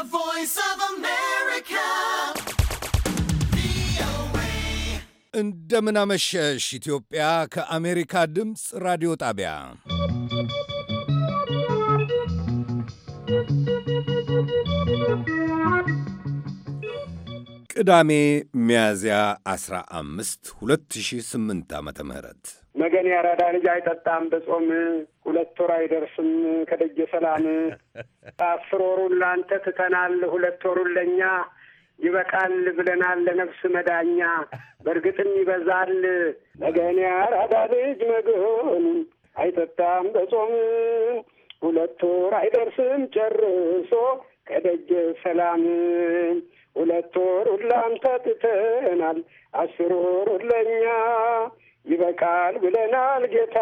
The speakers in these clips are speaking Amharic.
The voice of America. ኢትዮጵያ። ከአሜሪካ ድምፅ ራዲዮ ጣቢያ ቅዳሜ ሚያዝያ 15 2008 ዓ ም መገን ያራዳ ልጅ አይጠጣም በጾም ሁለት ወር አይደርስም ከደጀ ሰላም አስር ወሩን ለአንተ ትተናል ሁለት ወሩን ለእኛ ይበቃል ብለናል ለነፍስ መዳኛ በእርግጥም ይበዛል መገን ያራዳ ልጅ መገን አይጠጣም በጾም ሁለት ወር አይደርስም ጨርሶ ከደጀ ሰላም ሁለት ወሩን ለአንተ ትተናል አስር ወሩን ለእኛ ይበቃል ብለናል ጌታ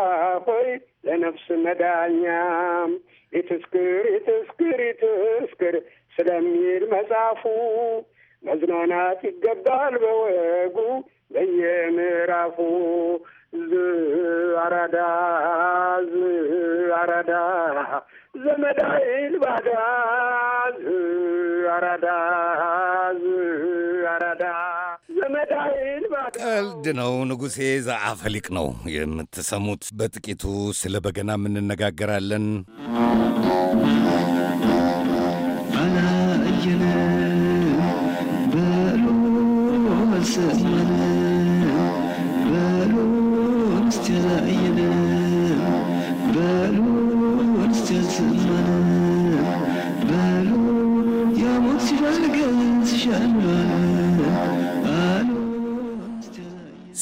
ሆይ ለነፍስ መዳኛም ይትስክር ይትስክር ይትስክር ስለሚል መጽሐፉ መዝናናት ይገባል በወጉ በየምዕራፉ አራዳ አራዳ አራዳ አራዳ ቀልድ ነው ንጉሴ ዘአፈሊቅ ነው የምትሰሙት። በጥቂቱ ስለ በገና እንነጋገራለን።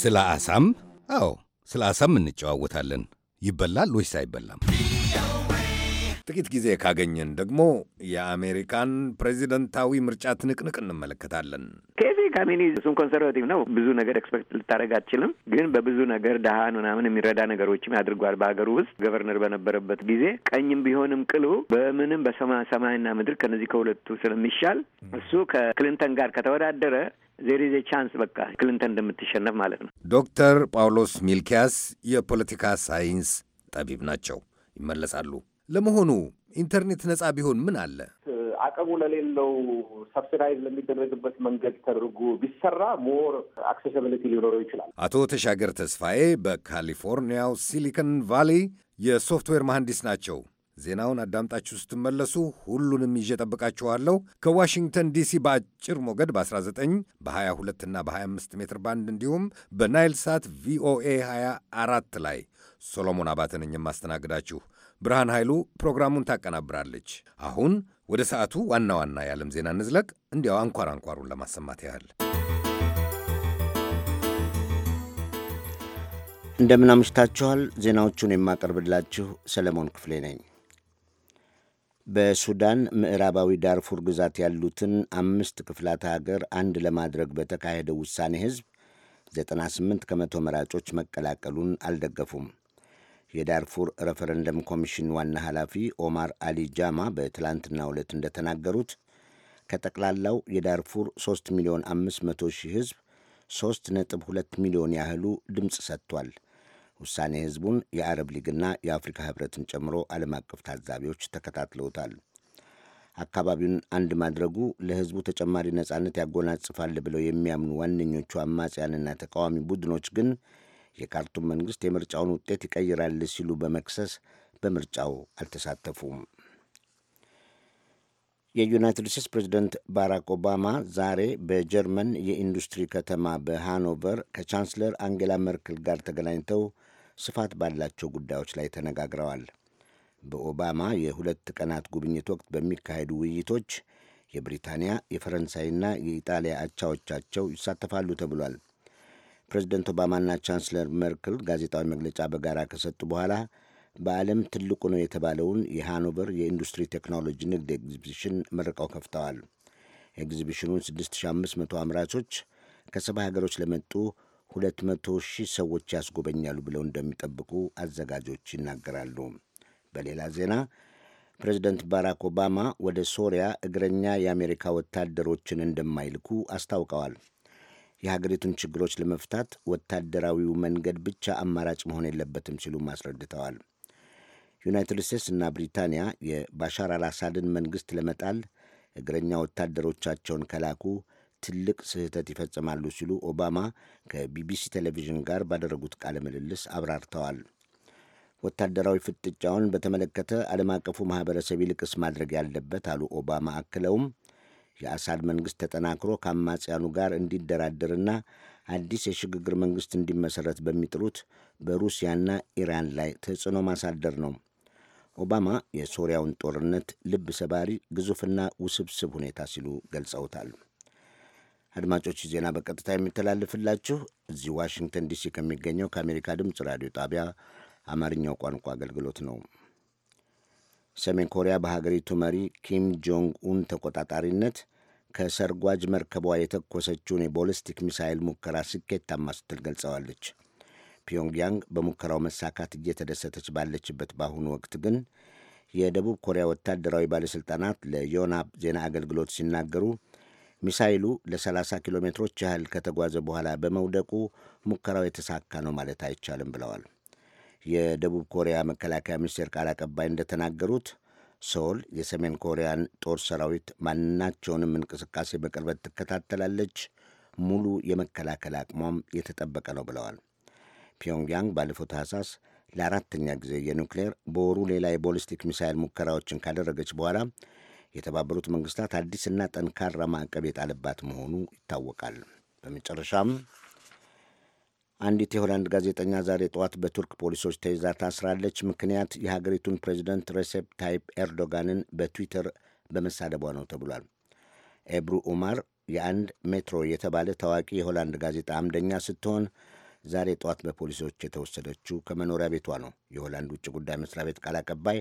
ስለ አሳም? አዎ፣ ስለ አሳም እንጨዋወታለን። ይበላል ወይስ አይበላም? ጥቂት ጊዜ ካገኘን ደግሞ የአሜሪካን ፕሬዚደንታዊ ምርጫ ትንቅንቅ እንመለከታለን። ኬቪ ካሚኒ እሱም ኮንሰርቫቲቭ ነው። ብዙ ነገር ኤክስፐክት ልታደረግ አትችልም። ግን በብዙ ነገር ድሃን ምናምን የሚረዳ ነገሮችም ያድርጓል። በሀገሩ ውስጥ ገቨርነር በነበረበት ጊዜ ቀኝም ቢሆንም ቅሉ በምንም በሰማይና ምድር ከነዚህ ከሁለቱ ስለሚሻል እሱ ከክሊንተን ጋር ከተወዳደረ ዜሬዜ ቻንስ በቃ ክሊንተን እንደምትሸነፍ ማለት ነው። ዶክተር ጳውሎስ ሚልኪያስ የፖለቲካ ሳይንስ ጠቢብ ናቸው። ይመለሳሉ። ለመሆኑ ኢንተርኔት ነጻ ቢሆን ምን አለ? አቅሙ ለሌለው ሰብሲዳይዝ ለሚደረግበት መንገድ ተደርጎ ቢሰራ ሞር አክሴሲቢሊቲ ሊኖረው ይችላል። አቶ ተሻገር ተስፋዬ በካሊፎርኒያው ሲሊከን ቫሊ የሶፍትዌር መሐንዲስ ናቸው። ዜናውን አዳምጣችሁ ስትመለሱ ሁሉንም ይዤ ጠብቃችኋለሁ። ከዋሽንግተን ዲሲ በአጭር ሞገድ በ19 በ22 እና በ25 ሜትር ባንድ እንዲሁም በናይል ሳት ቪኦኤ 24 ላይ ሶሎሞን አባተ ነኝ የማስተናግዳችሁ። ብርሃን ኃይሉ ፕሮግራሙን ታቀናብራለች። አሁን ወደ ሰዓቱ ዋና ዋና የዓለም ዜና እንዝለቅ። እንዲያው አንኳር አንኳሩን ለማሰማት ያህል እንደምን አምሽታችኋል። ዜናዎቹን የማቀርብላችሁ ሰለሞን ክፍሌ ነኝ። በሱዳን ምዕራባዊ ዳርፉር ግዛት ያሉትን አምስት ክፍላተ ሀገር አንድ ለማድረግ በተካሄደው ውሳኔ ህዝብ 98 ከመቶ መራጮች መቀላቀሉን አልደገፉም። የዳርፉር ሬፈረንደም ኮሚሽን ዋና ኃላፊ ኦማር አሊ ጃማ በትላንትናው ዕለት እንደተናገሩት ከጠቅላላው የዳርፉር 3 ሚሊዮን 500 ሺህ ህዝብ 3 2 ሚሊዮን ያህሉ ድምፅ ሰጥቷል። ውሳኔ ህዝቡን የአረብ ሊግና የአፍሪካ ህብረትን ጨምሮ ዓለም አቀፍ ታዛቢዎች ተከታትለውታል። አካባቢውን አንድ ማድረጉ ለህዝቡ ተጨማሪ ነጻነት ያጎናጽፋል ብለው የሚያምኑ ዋነኞቹ አማጽያንና ተቃዋሚ ቡድኖች ግን የካርቱም መንግስት የምርጫውን ውጤት ይቀይራል ሲሉ በመክሰስ በምርጫው አልተሳተፉም። የዩናይትድ ስቴትስ ፕሬዚደንት ባራክ ኦባማ ዛሬ በጀርመን የኢንዱስትሪ ከተማ በሃኖቨር ከቻንስለር አንጌላ መርክል ጋር ተገናኝተው ስፋት ባላቸው ጉዳዮች ላይ ተነጋግረዋል። በኦባማ የሁለት ቀናት ጉብኝት ወቅት በሚካሄዱ ውይይቶች የብሪታንያ የፈረንሳይና የኢጣሊያ አቻዎቻቸው ይሳተፋሉ ተብሏል። ፕሬዚደንት ኦባማና ቻንስለር ሜርክል ጋዜጣዊ መግለጫ በጋራ ከሰጡ በኋላ በዓለም ትልቁ ነው የተባለውን የሃኖቨር የኢንዱስትሪ ቴክኖሎጂ ንግድ ኤግዚቢሽን መርቀው ከፍተዋል። ኤግዚቢሽኑን 6500 አምራቾች ከሰባ ሀገሮች ለመጡ ሁለት መቶ ሺህ ሰዎች ያስጎበኛሉ ብለው እንደሚጠብቁ አዘጋጆች ይናገራሉ። በሌላ ዜና ፕሬዚደንት ባራክ ኦባማ ወደ ሶሪያ እግረኛ የአሜሪካ ወታደሮችን እንደማይልኩ አስታውቀዋል። የሀገሪቱን ችግሮች ለመፍታት ወታደራዊው መንገድ ብቻ አማራጭ መሆን የለበትም ሲሉም አስረድተዋል። ዩናይትድ ስቴትስ እና ብሪታንያ የባሻር አልአሳድን መንግሥት ለመጣል እግረኛ ወታደሮቻቸውን ከላኩ ትልቅ ስህተት ይፈጽማሉ ሲሉ ኦባማ ከቢቢሲ ቴሌቪዥን ጋር ባደረጉት ቃለ ምልልስ አብራርተዋል። ወታደራዊ ፍጥጫውን በተመለከተ ዓለም አቀፉ ማኅበረሰብ ይልቅስ ማድረግ ያለበት አሉ ኦባማ። አክለውም የአሳድ መንግሥት ተጠናክሮ ከአማጽያኑ ጋር እንዲደራደርና አዲስ የሽግግር መንግሥት እንዲመሠረት በሚጥሩት በሩሲያና ኢራን ላይ ተጽዕኖ ማሳደር ነው። ኦባማ የሶሪያውን ጦርነት ልብ ሰባሪ ግዙፍና ውስብስብ ሁኔታ ሲሉ ገልጸውታል። አድማጮች ዜና በቀጥታ የሚተላለፍላችሁ እዚህ ዋሽንግተን ዲሲ ከሚገኘው ከአሜሪካ ድምፅ ራዲዮ ጣቢያ አማርኛው ቋንቋ አገልግሎት ነው። ሰሜን ኮሪያ በሀገሪቱ መሪ ኪም ጆንግ ኡን ተቆጣጣሪነት ከሰርጓጅ መርከቧ የተኮሰችውን የቦሊስቲክ ሚሳይል ሙከራ ስኬታማ ስትል ገልጸዋለች። ፒዮንግያንግ በሙከራው መሳካት እየተደሰተች ባለችበት በአሁኑ ወቅት ግን የደቡብ ኮሪያ ወታደራዊ ባለሥልጣናት ለዮናብ ዜና አገልግሎት ሲናገሩ ሚሳይሉ ለ30 ኪሎ ሜትሮች ያህል ከተጓዘ በኋላ በመውደቁ ሙከራው የተሳካ ነው ማለት አይቻልም ብለዋል። የደቡብ ኮሪያ መከላከያ ሚኒስቴር ቃል አቀባይ እንደተናገሩት ሶል የሰሜን ኮሪያን ጦር ሰራዊት ማናቸውንም እንቅስቃሴ በቅርበት ትከታተላለች፣ ሙሉ የመከላከል አቅሟም የተጠበቀ ነው ብለዋል። ፒዮንግያንግ ባለፈው ታህሳስ ለአራተኛ ጊዜ የኒክሌር በወሩ ሌላ የቦሊስቲክ ሚሳይል ሙከራዎችን ካደረገች በኋላ የተባበሩት መንግስታት አዲስና ጠንካራ ማዕቀብ የጣለባት መሆኑ ይታወቃል። በመጨረሻም አንዲት የሆላንድ ጋዜጠኛ ዛሬ ጠዋት በቱርክ ፖሊሶች ተይዛ ታስራለች። ምክንያት የሀገሪቱን ፕሬዚደንት ሬሴፕ ታይፕ ኤርዶጋንን በትዊተር በመሳደቧ ነው ተብሏል። ኤብሩ ኡማር የአንድ ሜትሮ የተባለ ታዋቂ የሆላንድ ጋዜጣ አምደኛ ስትሆን ዛሬ ጠዋት በፖሊሶች የተወሰደችው ከመኖሪያ ቤቷ ነው። የሆላንድ ውጭ ጉዳይ መስሪያ ቤት ቃል አቀባይ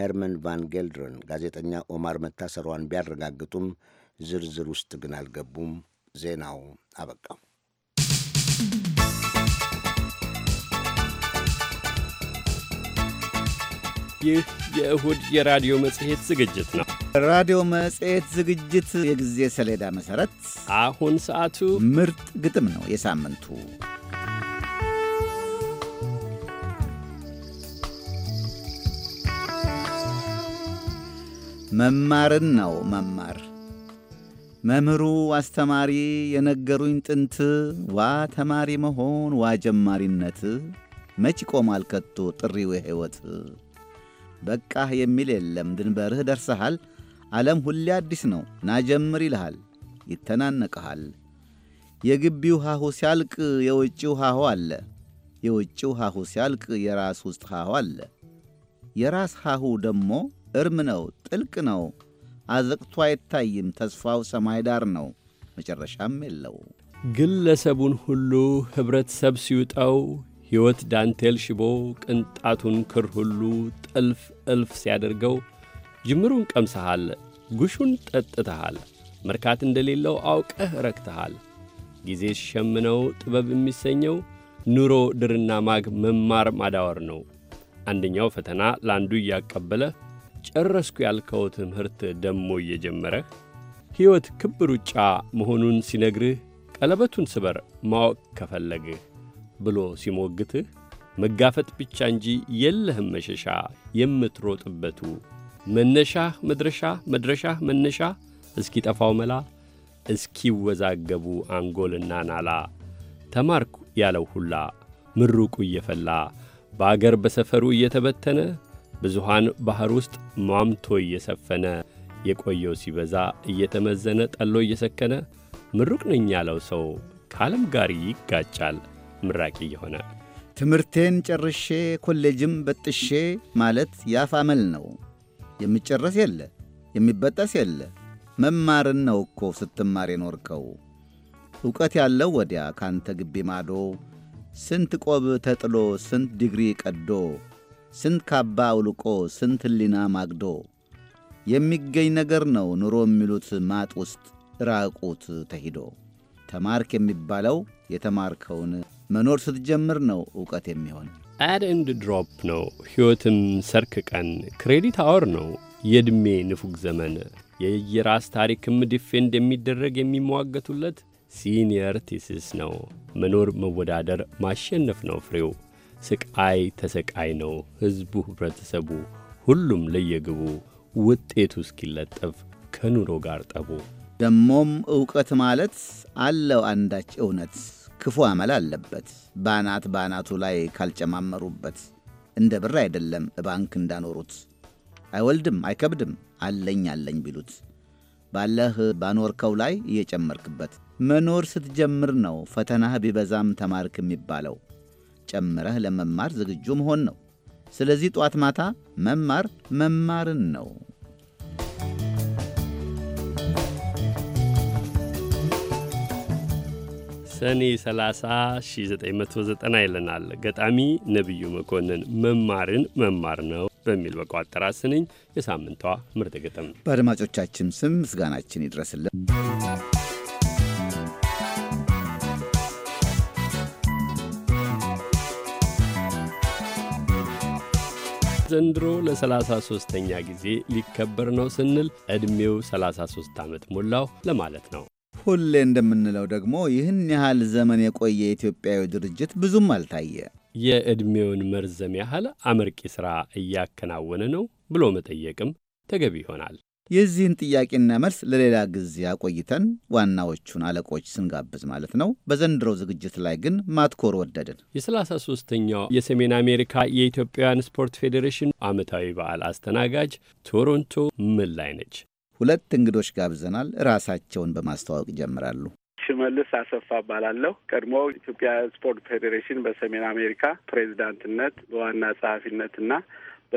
ሄርመን ቫን ጌልድረን ጋዜጠኛ ኦማር መታሰሯን ቢያረጋግጡም ዝርዝር ውስጥ ግን አልገቡም። ዜናው አበቃ። ይህ የእሁድ የራዲዮ መጽሔት ዝግጅት ነው። ራዲዮ መጽሔት ዝግጅት የጊዜ ሰሌዳ መሠረት አሁን ሰዓቱ ምርጥ ግጥም ነው የሳምንቱ መማርን ነው መማር። መምህሩ አስተማሪ የነገሩኝ ጥንት ዋ ተማሪ መሆን ዋ ጀማሪነት መች ይቆማል ከቶ ጥሪው የሕይወት በቃህ የሚል የለም ድንበርህ ደርሰሃል። ዓለም ሁሌ አዲስ ነው ና ጀምር ይልሃል፣ ይተናነቀሃል። የግቢው ሐሁ ሲያልቅ የውጭው ሐሁ አለ። የውጭው ሐሁ ሲያልቅ የራስ ውስጥ ሃሁ አለ። የራስ ሃሁ ደግሞ እርም ነው፣ ጥልቅ ነው። አዘቅቶ አይታይም። ተስፋው ሰማይ ዳር ነው፣ መጨረሻም የለው። ግለሰቡን ሁሉ ኅብረተሰብ ሲውጠው ሕይወት ዳንቴል ሽቦ ቅንጣቱን ክር ሁሉ ጥልፍ እልፍ ሲያደርገው ጅምሩን ቀምሰሃል፣ ጉሹን ጠጥተሃል፣ መርካት እንደሌለው አውቀህ ረክተሃል። ጊዜ ሸምነው ጥበብ የሚሰኘው ኑሮ ድርና ማግ መማር ማዳወር ነው። አንደኛው ፈተና ለአንዱ እያቀበለ ጨረስኩ ያልከው ትምህርት ደሞ እየጀመረህ ሕይወት ክብ ሩጫ መሆኑን ሲነግርህ ቀለበቱን ስበር ማወቅ ከፈለግህ ብሎ ሲሞግትህ መጋፈጥ ብቻ እንጂ የለህም መሸሻ የምትሮጥበቱ መነሻህ መድረሻ መድረሻህ መነሻ እስኪጠፋው መላ እስኪወዛገቡ አንጎልና ናላ ተማርኩ ያለው ሁላ ምሩቁ እየፈላ በአገር በሰፈሩ እየተበተነ ብዙሃን ባሕር ውስጥ ሟምቶ እየሰፈነ የቆየው ሲበዛ እየተመዘነ ጠሎ እየሰከነ ምሩቅ ነኝ ያለው ሰው ከዓለም ጋር ይጋጫል ምራቂ እየሆነ ትምህርቴን ጨርሼ ኮሌጅም በጥሼ ማለት ያፋመል ነው። የሚጨረስ የለ የሚበጠስ የለ መማርን ነው እኮ ስትማር የኖርከው። ዕውቀት ያለው ወዲያ ካንተ ግቢ ማዶ ስንት ቆብ ተጥሎ ስንት ዲግሪ ቀዶ ስንት ካባ አውልቆ ስንት ሕሊና ማግዶ የሚገኝ ነገር ነው ኑሮ የሚሉት ማጥ ውስጥ ራቁት ተሂዶ። ተማርክ የሚባለው የተማርከውን መኖር ስትጀምር ነው ዕውቀት የሚሆን። አድ ኤንድ ድሮፕ ነው ሕይወትም ሰርክ ቀን ክሬዲት አወር ነው የዕድሜ ንፉግ ዘመን የየራስ ታሪክም ዲፌንድ የሚደረግ የሚሟገቱለት ሲኒየር ቲሲስ ነው። መኖር መወዳደር ማሸነፍ ነው ፍሬው ስቃይ ተሰቃይ ነው ሕዝቡ፣ ኅብረተሰቡ፣ ሁሉም ለየግቡ ውጤቱ እስኪለጠፍ ከኑሮ ጋር ጠቡ። ደሞም ዕውቀት ማለት አለው አንዳች እውነት ክፉ አመል አለበት ባናት ባናቱ ላይ ካልጨማመሩበት እንደ ብር አይደለም ባንክ እንዳኖሩት አይወልድም አይከብድም አለኝ አለኝ ቢሉት ባለህ ባኖርከው ላይ እየጨመርክበት መኖር ስትጀምር ነው ፈተናህ ቢበዛም ተማርክ የሚባለው። ጨምረህ ለመማር ዝግጁ መሆን ነው። ስለዚህ ጧት ማታ መማር መማርን ነው። ሰኔ 30 1990 ይለናል ገጣሚ ነቢዩ መኮንን። መማርን መማር ነው በሚል በቋጠራት ስንኝ የሳምንቷ ምርጥ ግጥም በአድማጮቻችን ስም ምስጋናችን ይድረስልን። ዘንድሮ ለ33ኛ ጊዜ ሊከበር ነው ስንል ዕድሜው 33 ዓመት ሞላው ለማለት ነው። ሁሌ እንደምንለው ደግሞ ይህን ያህል ዘመን የቆየ ኢትዮጵያዊ ድርጅት ብዙም አልታየ። የዕድሜውን መርዘም ያህል አመርቂ ሥራ እያከናወነ ነው ብሎ መጠየቅም ተገቢ ይሆናል። የዚህን ጥያቄና መልስ ለሌላ ጊዜ አቆይተን ዋናዎቹን አለቆች ስንጋብዝ ማለት ነው። በዘንድሮው ዝግጅት ላይ ግን ማትኮር ወደድን። የሰላሳ ሶስተኛው የሰሜን አሜሪካ የኢትዮጵያውያን ስፖርት ፌዴሬሽን ዓመታዊ በዓል አስተናጋጅ ቶሮንቶ ምን ላይ ነች? ሁለት እንግዶች ጋብዘናል። ራሳቸውን በማስተዋወቅ ይጀምራሉ። ሽመልስ አሰፋ እባላለሁ። ቀድሞ ኢትዮጵያ ስፖርት ፌዴሬሽን በሰሜን አሜሪካ ፕሬዚዳንትነት በዋና ጸሐፊነትና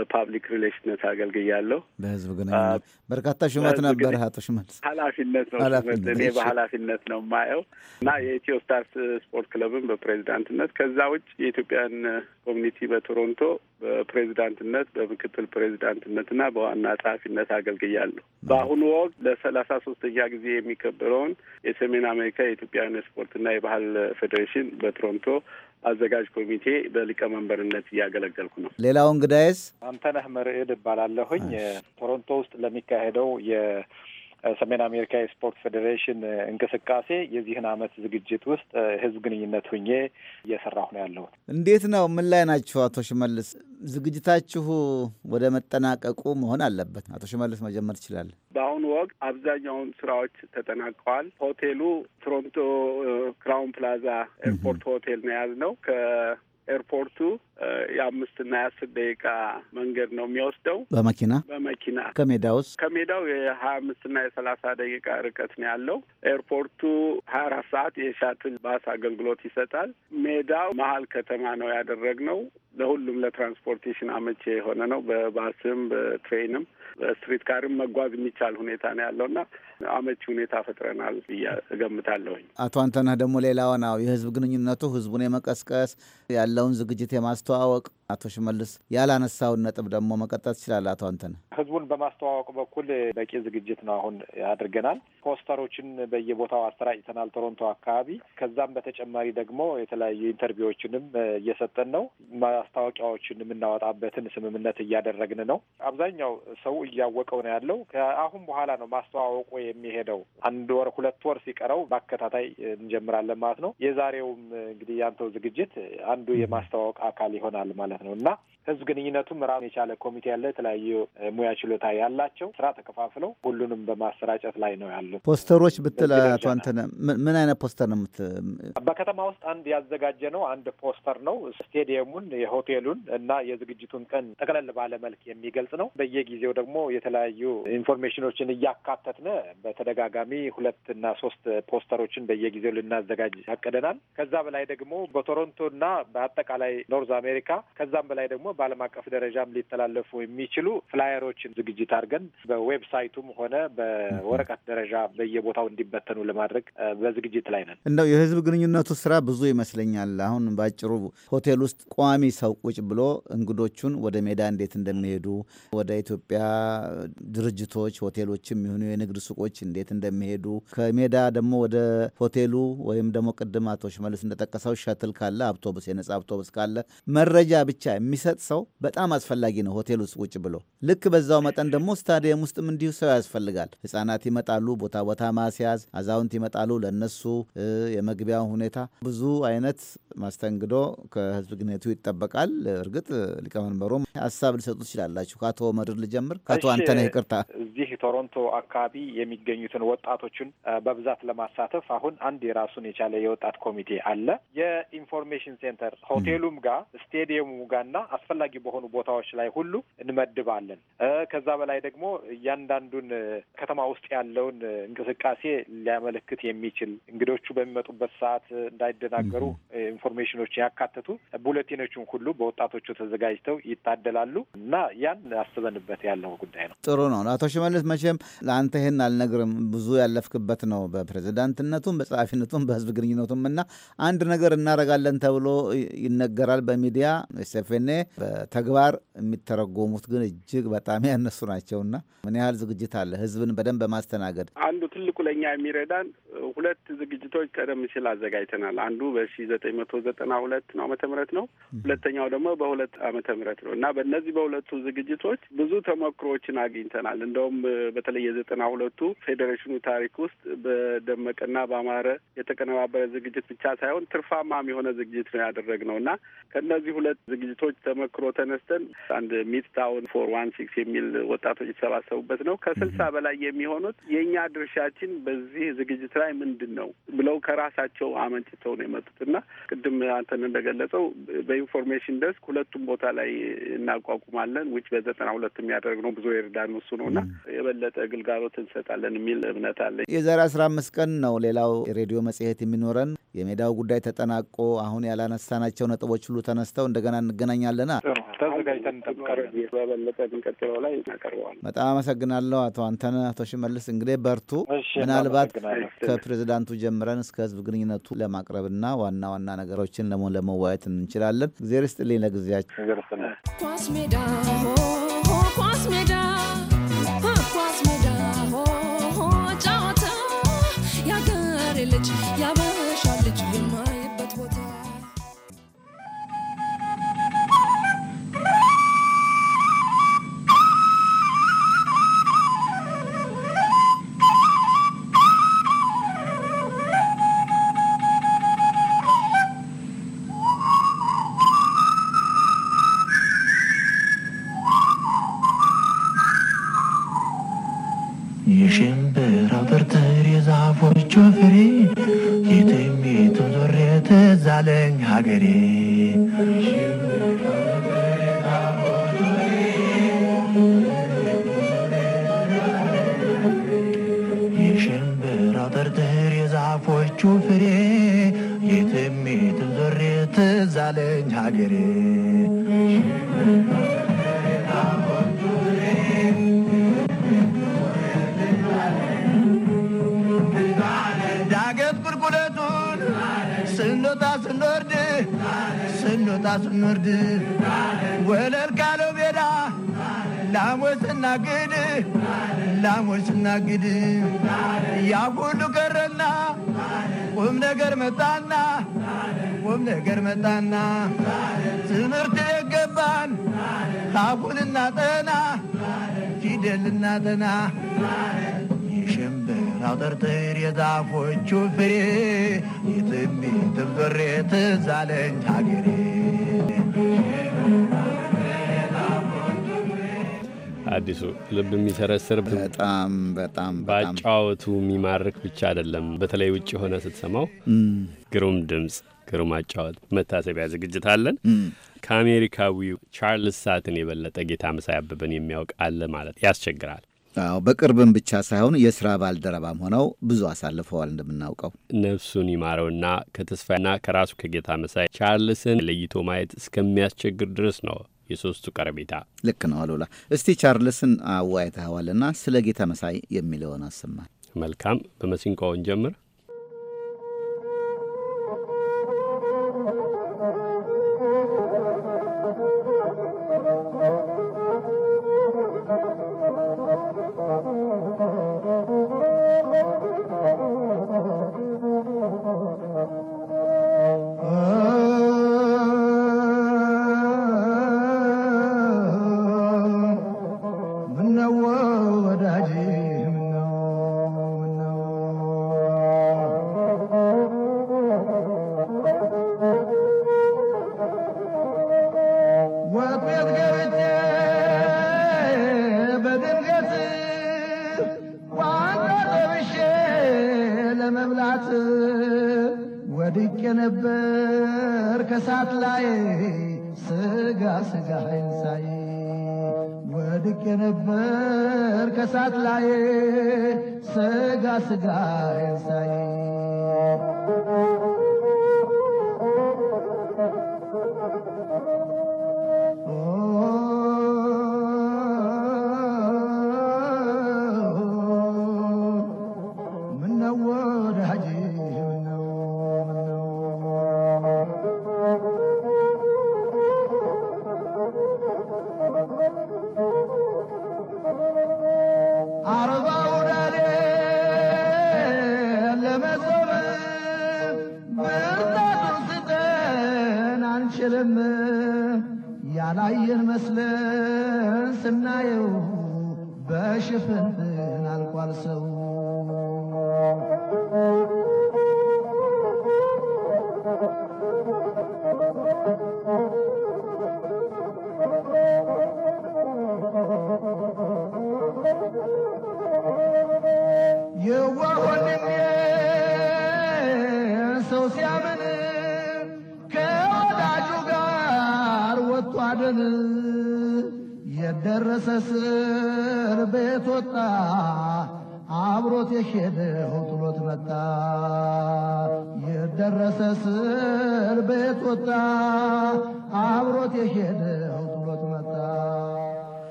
በፓብሊክ ሪሌሽንነት አገልግያለሁ። በህዝብ ግንኙነት በርካታ ሹመት ነበር። አቶ ሽመት ኃላፊነት ነው ሹመት እኔ በኃላፊነት ነው የማየው እና የኢትዮ ስታርስ ስፖርት ክለብን በፕሬዚዳንትነት ከዛ ውጭ የኢትዮጵያን ኮሚኒቲ በቶሮንቶ በፕሬዚዳንትነት በምክትል ፕሬዚዳንትነትና በዋና ጸሐፊነት አገልግያለሁ። በአሁኑ ወቅት ለሰላሳ ሶስተኛ ጊዜ የሚከበረውን የሰሜን አሜሪካ የኢትዮጵያን ስፖርትና የባህል ፌዴሬሽን በቶሮንቶ አዘጋጅ ኮሚቴ በሊቀመንበርነት እያገለገልኩ ነው። ሌላው እንግዳዬስ አምተነህ መርዕድ እባላለሁኝ። ቶሮንቶ ውስጥ ለሚካሄደው ሰሜን አሜሪካ የስፖርት ፌዴሬሽን እንቅስቃሴ የዚህን አመት ዝግጅት ውስጥ ህዝብ ግንኙነት ሁኜ እየሰራሁ ነው ያለሁት። እንዴት ነው? ምን ላይ ናችሁ አቶ ሽመልስ? ዝግጅታችሁ ወደ መጠናቀቁ መሆን አለበት። አቶ ሽመልስ መጀመር ትችላለህ። በአሁኑ ወቅት አብዛኛውን ስራዎች ተጠናቀዋል። ሆቴሉ ቶሮንቶ ክራውን ፕላዛ ኤርፖርት ሆቴል ነው የያዝነው። ከኤርፖርቱ የአምስትና የአስር ደቂቃ መንገድ ነው የሚወስደው በመኪና በመኪና ከሜዳ ውስጥ ከሜዳው የሀያ አምስትና የሰላሳ ደቂቃ ርቀት ነው ያለው። ኤርፖርቱ ሀያ አራት ሰዓት የሻትል ባስ አገልግሎት ይሰጣል። ሜዳው መሀል ከተማ ነው ያደረግነው። ለሁሉም ለትራንስፖርቴሽን አመቼ የሆነ ነው። በባስም በትሬንም በስትሪት ካርም መጓዝ የሚቻል ሁኔታ ነው ያለውና አመቺ ሁኔታ ፈጥረናል ብዬ እገምታለሁኝ። አቶ አንተነህ ደግሞ ሌላው ነው የህዝብ ግንኙነቱ ህዝቡን የመቀስቀስ ያለውን ዝግጅት የማስተ our አቶ ሽመልስ ያላነሳውን ነጥብ ደግሞ መቀጠል ትችላል። አቶ አንተነ ህዝቡን በማስተዋወቅ በኩል በቂ ዝግጅት ነው አሁን አድርገናል። ፖስተሮችን በየቦታው አሰራጭተናል፣ ቶሮንቶ አካባቢ። ከዛም በተጨማሪ ደግሞ የተለያዩ ኢንተርቪዎችንም እየሰጠን ነው። ማስታወቂያዎችን የምናወጣበትን ስምምነት እያደረግን ነው። አብዛኛው ሰው እያወቀው ነው ያለው። ከአሁን በኋላ ነው ማስተዋወቁ የሚሄደው። አንድ ወር ሁለት ወር ሲቀረው በአከታታይ እንጀምራለን ማለት ነው። የዛሬውም እንግዲህ ያንተው ዝግጅት አንዱ የማስተዋወቅ አካል ይሆናል ማለት ነው። ነው እና ህዝብ ግንኙነቱም ራሱን የቻለ ኮሚቴ ያለ የተለያዩ ሙያ ችሎታ ያላቸው ስራ ተከፋፍለው ሁሉንም በማሰራጨት ላይ ነው ያሉት። ፖስተሮች ብትል አቶ ምን አይነት ፖስተር ነው ምት በከተማ ውስጥ አንድ ያዘጋጀ ነው አንድ ፖስተር ነው። ስቴዲየሙን፣ የሆቴሉን እና የዝግጅቱን ቀን ጠቅለል ባለ መልክ የሚገልጽ ነው። በየጊዜው ደግሞ የተለያዩ ኢንፎርሜሽኖችን እያካተትነ በተደጋጋሚ ሁለት እና ሶስት ፖስተሮችን በየጊዜው ልናዘጋጅ ያቅደናል። ከዛ በላይ ደግሞ በቶሮንቶ እና በአጠቃላይ ኖርዝ አሜሪካ ከዛም በላይ ደግሞ በዓለም አቀፍ ደረጃም ሊተላለፉ የሚችሉ ፍላየሮችን ዝግጅት አድርገን በዌብሳይቱም ሆነ በወረቀት ደረጃ በየቦታው እንዲበተኑ ለማድረግ በዝግጅት ላይ ነን። እንደው የህዝብ ግንኙነቱ ስራ ብዙ ይመስለኛል። አሁን በአጭሩ ሆቴል ውስጥ ቋሚ ሰው ቁጭ ብሎ እንግዶቹን ወደ ሜዳ እንዴት እንደሚሄዱ ወደ ኢትዮጵያ ድርጅቶች ሆቴሎች የሚሆኑ የንግድ ሱቆች እንዴት እንደሚሄዱ ከሜዳ ደግሞ ወደ ሆቴሉ ወይም ደግሞ ቅድም አቶ ሽመልስ እንደጠቀሰው ሸትል ካለ አውቶቡስ የነጻ አውቶቡስ ካለ መረጃ ብቻ የሚሰጥ ሰው በጣም አስፈላጊ ነው ሆቴል ውስጥ ውጭ ብሎ። ልክ በዛው መጠን ደግሞ ስታዲየም ውስጥም እንዲሁ ሰው ያስፈልጋል። ህጻናት ይመጣሉ፣ ቦታ ቦታ ማስያዝ፣ አዛውንት ይመጣሉ፣ ለነሱ የመግቢያ ሁኔታ ብዙ አይነት ማስተንግዶ ከህዝብ ግንኙነቱ ይጠበቃል። እርግጥ ሊቀመንበሩም ሀሳብ ሊሰጡ ትችላላችሁ። ከአቶ መድር ልጀምር። ከአቶ አንተነህ ይቅርታ። እዚህ ቶሮንቶ አካባቢ የሚገኙትን ወጣቶችን በብዛት ለማሳተፍ አሁን አንድ የራሱን የቻለ የወጣት ኮሚቴ አለ። የኢንፎርሜሽን ሴንተር ሆቴሉም ጋር ስቴዲየሙ ጋርና አስራ አስፈላጊ በሆኑ ቦታዎች ላይ ሁሉ እንመድባለን። ከዛ በላይ ደግሞ እያንዳንዱን ከተማ ውስጥ ያለውን እንቅስቃሴ ሊያመለክት የሚችል እንግዶቹ በሚመጡበት ሰዓት እንዳይደናገሩ ኢንፎርሜሽኖችን ያካተቱ ቡለቲኖችን ሁሉ በወጣቶቹ ተዘጋጅተው ይታደላሉ እና ያን አስበንበት ያለው ጉዳይ ነው። ጥሩ ነው። አቶ ሽመልስ መቼም ለአንተ ይህን አልነግርም፣ ብዙ ያለፍክበት ነው በፕሬዚዳንትነቱም በጸሐፊነቱም በህዝብ ግንኙነቱም እና አንድ ነገር እናደርጋለን ተብሎ ይነገራል በሚዲያ ኤስፍኔ በተግባር የሚተረጎሙት ግን እጅግ በጣም ያነሱ ናቸውና ምን ያህል ዝግጅት አለ? ህዝብን በደንብ በማስተናገድ አንዱ ትልቁ ለእኛ የሚረዳን ሁለት ዝግጅቶች ቀደም ሲል አዘጋጅተናል። አንዱ በሺ ዘጠኝ መቶ ዘጠና ሁለት ነው አመተ ምህረት ነው። ሁለተኛው ደግሞ በሁለት አመተ ምህረት ነው እና በእነዚህ በሁለቱ ዝግጅቶች ብዙ ተሞክሮዎችን አግኝተናል። እንደውም በተለይ የዘጠና ሁለቱ ፌዴሬሽኑ ታሪክ ውስጥ በደመቀና በአማረ የተቀነባበረ ዝግጅት ብቻ ሳይሆን ትርፋማም የሆነ ዝግጅት ነው ያደረግነው እና ከእነዚህ ሁለት ዝግጅቶች ተመ ተሞክሮ ተነስተን አንድ ሚድ ታውን ፎር ዋን ሲክስ የሚል ወጣቶች የተሰባሰቡበት ነው። ከስልሳ በላይ የሚሆኑት የእኛ ድርሻችን በዚህ ዝግጅት ላይ ምንድን ነው ብለው ከራሳቸው አመንጭተው ነው የመጡት እና ቅድም አንተን እንደገለጸው በኢንፎርሜሽን ደስክ ሁለቱም ቦታ ላይ እናቋቁማለን። ውጭ በዘጠና ሁለት የሚያደርግ ነው ብዙ የርዳን እሱ ነው እና የበለጠ ግልጋሎት እንሰጣለን የሚል እምነት አለ። የዛሬ አስራ አምስት ቀን ነው ሌላው ሬዲዮ መጽሔት የሚኖረን የሜዳው ጉዳይ ተጠናቆ አሁን ያላነሳናቸው ነጥቦች ሁሉ ተነስተው እንደገና እንገናኛለና ተዘጋጅተን እንጠብቃለን። በበለጠ ላይ በጣም አመሰግናለሁ አቶ አንተነ፣ አቶ ሽመልስ እንግዲህ በርቱ። ምናልባት ከፕሬዚዳንቱ ጀምረን እስከ ህዝብ ግንኙነቱ ለማቅረብና ዋና ዋና ነገሮችን ለመሆን ለመወያየት እንችላለን። እግዜር ይስጥልኝ ለጊዜያቸው። ኳስ ሜዳ ልጅ I get it. እንውርድ ወለል ካለው ቤዳ ላሞች እናግድ ላሞች እናግድ ያ ሁሉ ቀረና ቁም ነገር መጣና ቁም ነገር መጣና ትምህርት የገባን ታቡል እናጠና ፊደል እናጠና የሸንበራ አውጠርጥር የዛፎቹ ፍሬ የትንቢትም ጥሬ ትዛለኝ አለኝ ሀገሬ አዲሱ ልብ የሚሰረስር በጣም በጣም የሚማርክ ብቻ አይደለም። በተለይ ውጭ የሆነ ስትሰማው ግሩም ድምፅ፣ ግሩም አጫወት። መታሰቢያ ዝግጅት አለን። ከአሜሪካዊው ቻርልስ ሳትን የበለጠ ጌታ መሳይ አበበን የሚያውቅ አለ ማለት ያስቸግራል። አዎ በቅርብም ብቻ ሳይሆን የስራ ባልደረባም ሆነው ብዙ አሳልፈዋል። እንደምናውቀው ነፍሱን ይማረውና ከተስፋና ከራሱ ከጌታ መሳይ ቻርልስን ለይቶ ማየት እስከሚያስቸግር ድረስ ነው የሶስቱ ቀረቤታ ልክ ነው። አሉላ እስቲ ቻርልስን አወያይተኸዋልና ስለ ጌታ መሳይ የሚለውን አሰማል። መልካም፣ በመሲንቋውን ጀምር።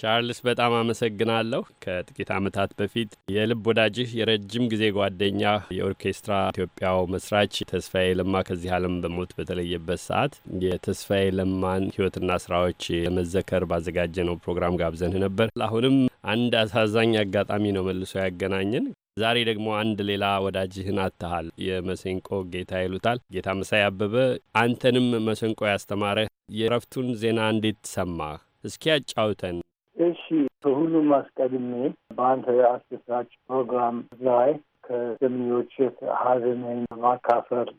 ቻርልስ በጣም አመሰግናለሁ። ከጥቂት ዓመታት በፊት የልብ ወዳጅህ የረጅም ጊዜ ጓደኛ የኦርኬስትራ ኢትዮጵያው መስራች ተስፋዬ ለማ ከዚህ ዓለም በሞት በተለየበት ሰዓት የተስፋዬ ለማን ሕይወትና ስራዎች ለመዘከር ባዘጋጀ ነው ፕሮግራም ጋብዘንህ ነበር። አሁንም አንድ አሳዛኝ አጋጣሚ ነው መልሶ ያገናኘን። ዛሬ ደግሞ አንድ ሌላ ወዳጅህን አትሃል። የመሰንቆ ጌታ ይሉታል ጌታ መሳይ አበበ አንተንም መሰንቆ ያስተማረህ የእረፍቱን ዜና እንዴት ሰማህ? እስኪ ያጫውተን። እሺ ከሁሉም አስቀድሜ በአንተ አስደሳች ፕሮግራም ላይ ከደምኞች ሀዘንን ማካፈል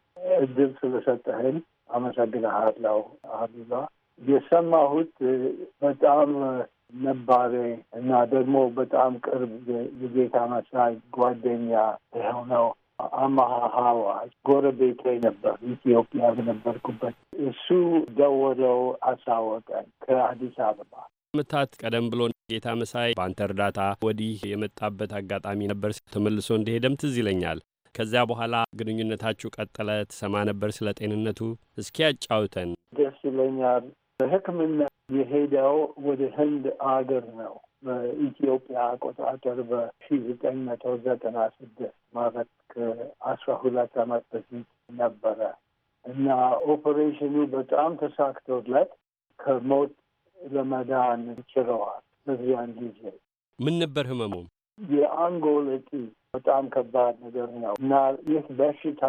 እድል ስለሰጠህን አመሰግናሃለሁ። አሉላ የሰማሁት በጣም ነባሬ እና ደግሞ በጣም ቅርብ የጌታ መሳይ ጓደኛ የሆነው አማሃ ጎረቤቴ ነበር። ኢትዮጵያ በነበርኩበት እሱ ደወለው አሳወቀን ከአዲስ አበባ ዓመታት ቀደም ብሎ ጌታ መሳይ በአንተ እርዳታ ወዲህ የመጣበት አጋጣሚ ነበር። ተመልሶ እንደሄደም ትዝ ይለኛል። ከዚያ በኋላ ግንኙነታችሁ ቀጠለ። ትሰማ ነበር ስለ ጤንነቱ። እስኪ ያጫውተን። ደስ ይለኛል። በህክምና የሄደው ወደ ህንድ አገር ነው። በኢትዮጵያ አቆጣጠር በሺ ዘጠኝ መቶ ዘጠና ስድስት ማለት ከአስራ ሁለት አመት በፊት ነበረ እና ኦፐሬሽኑ በጣም ተሳክቶለት ከሞት ለመዳን ችለዋል። በዚያን ጊዜ ምን ነበር ህመሙ? የአንጎል እጢ በጣም ከባድ ነገር ነው እና ይህ በሽታ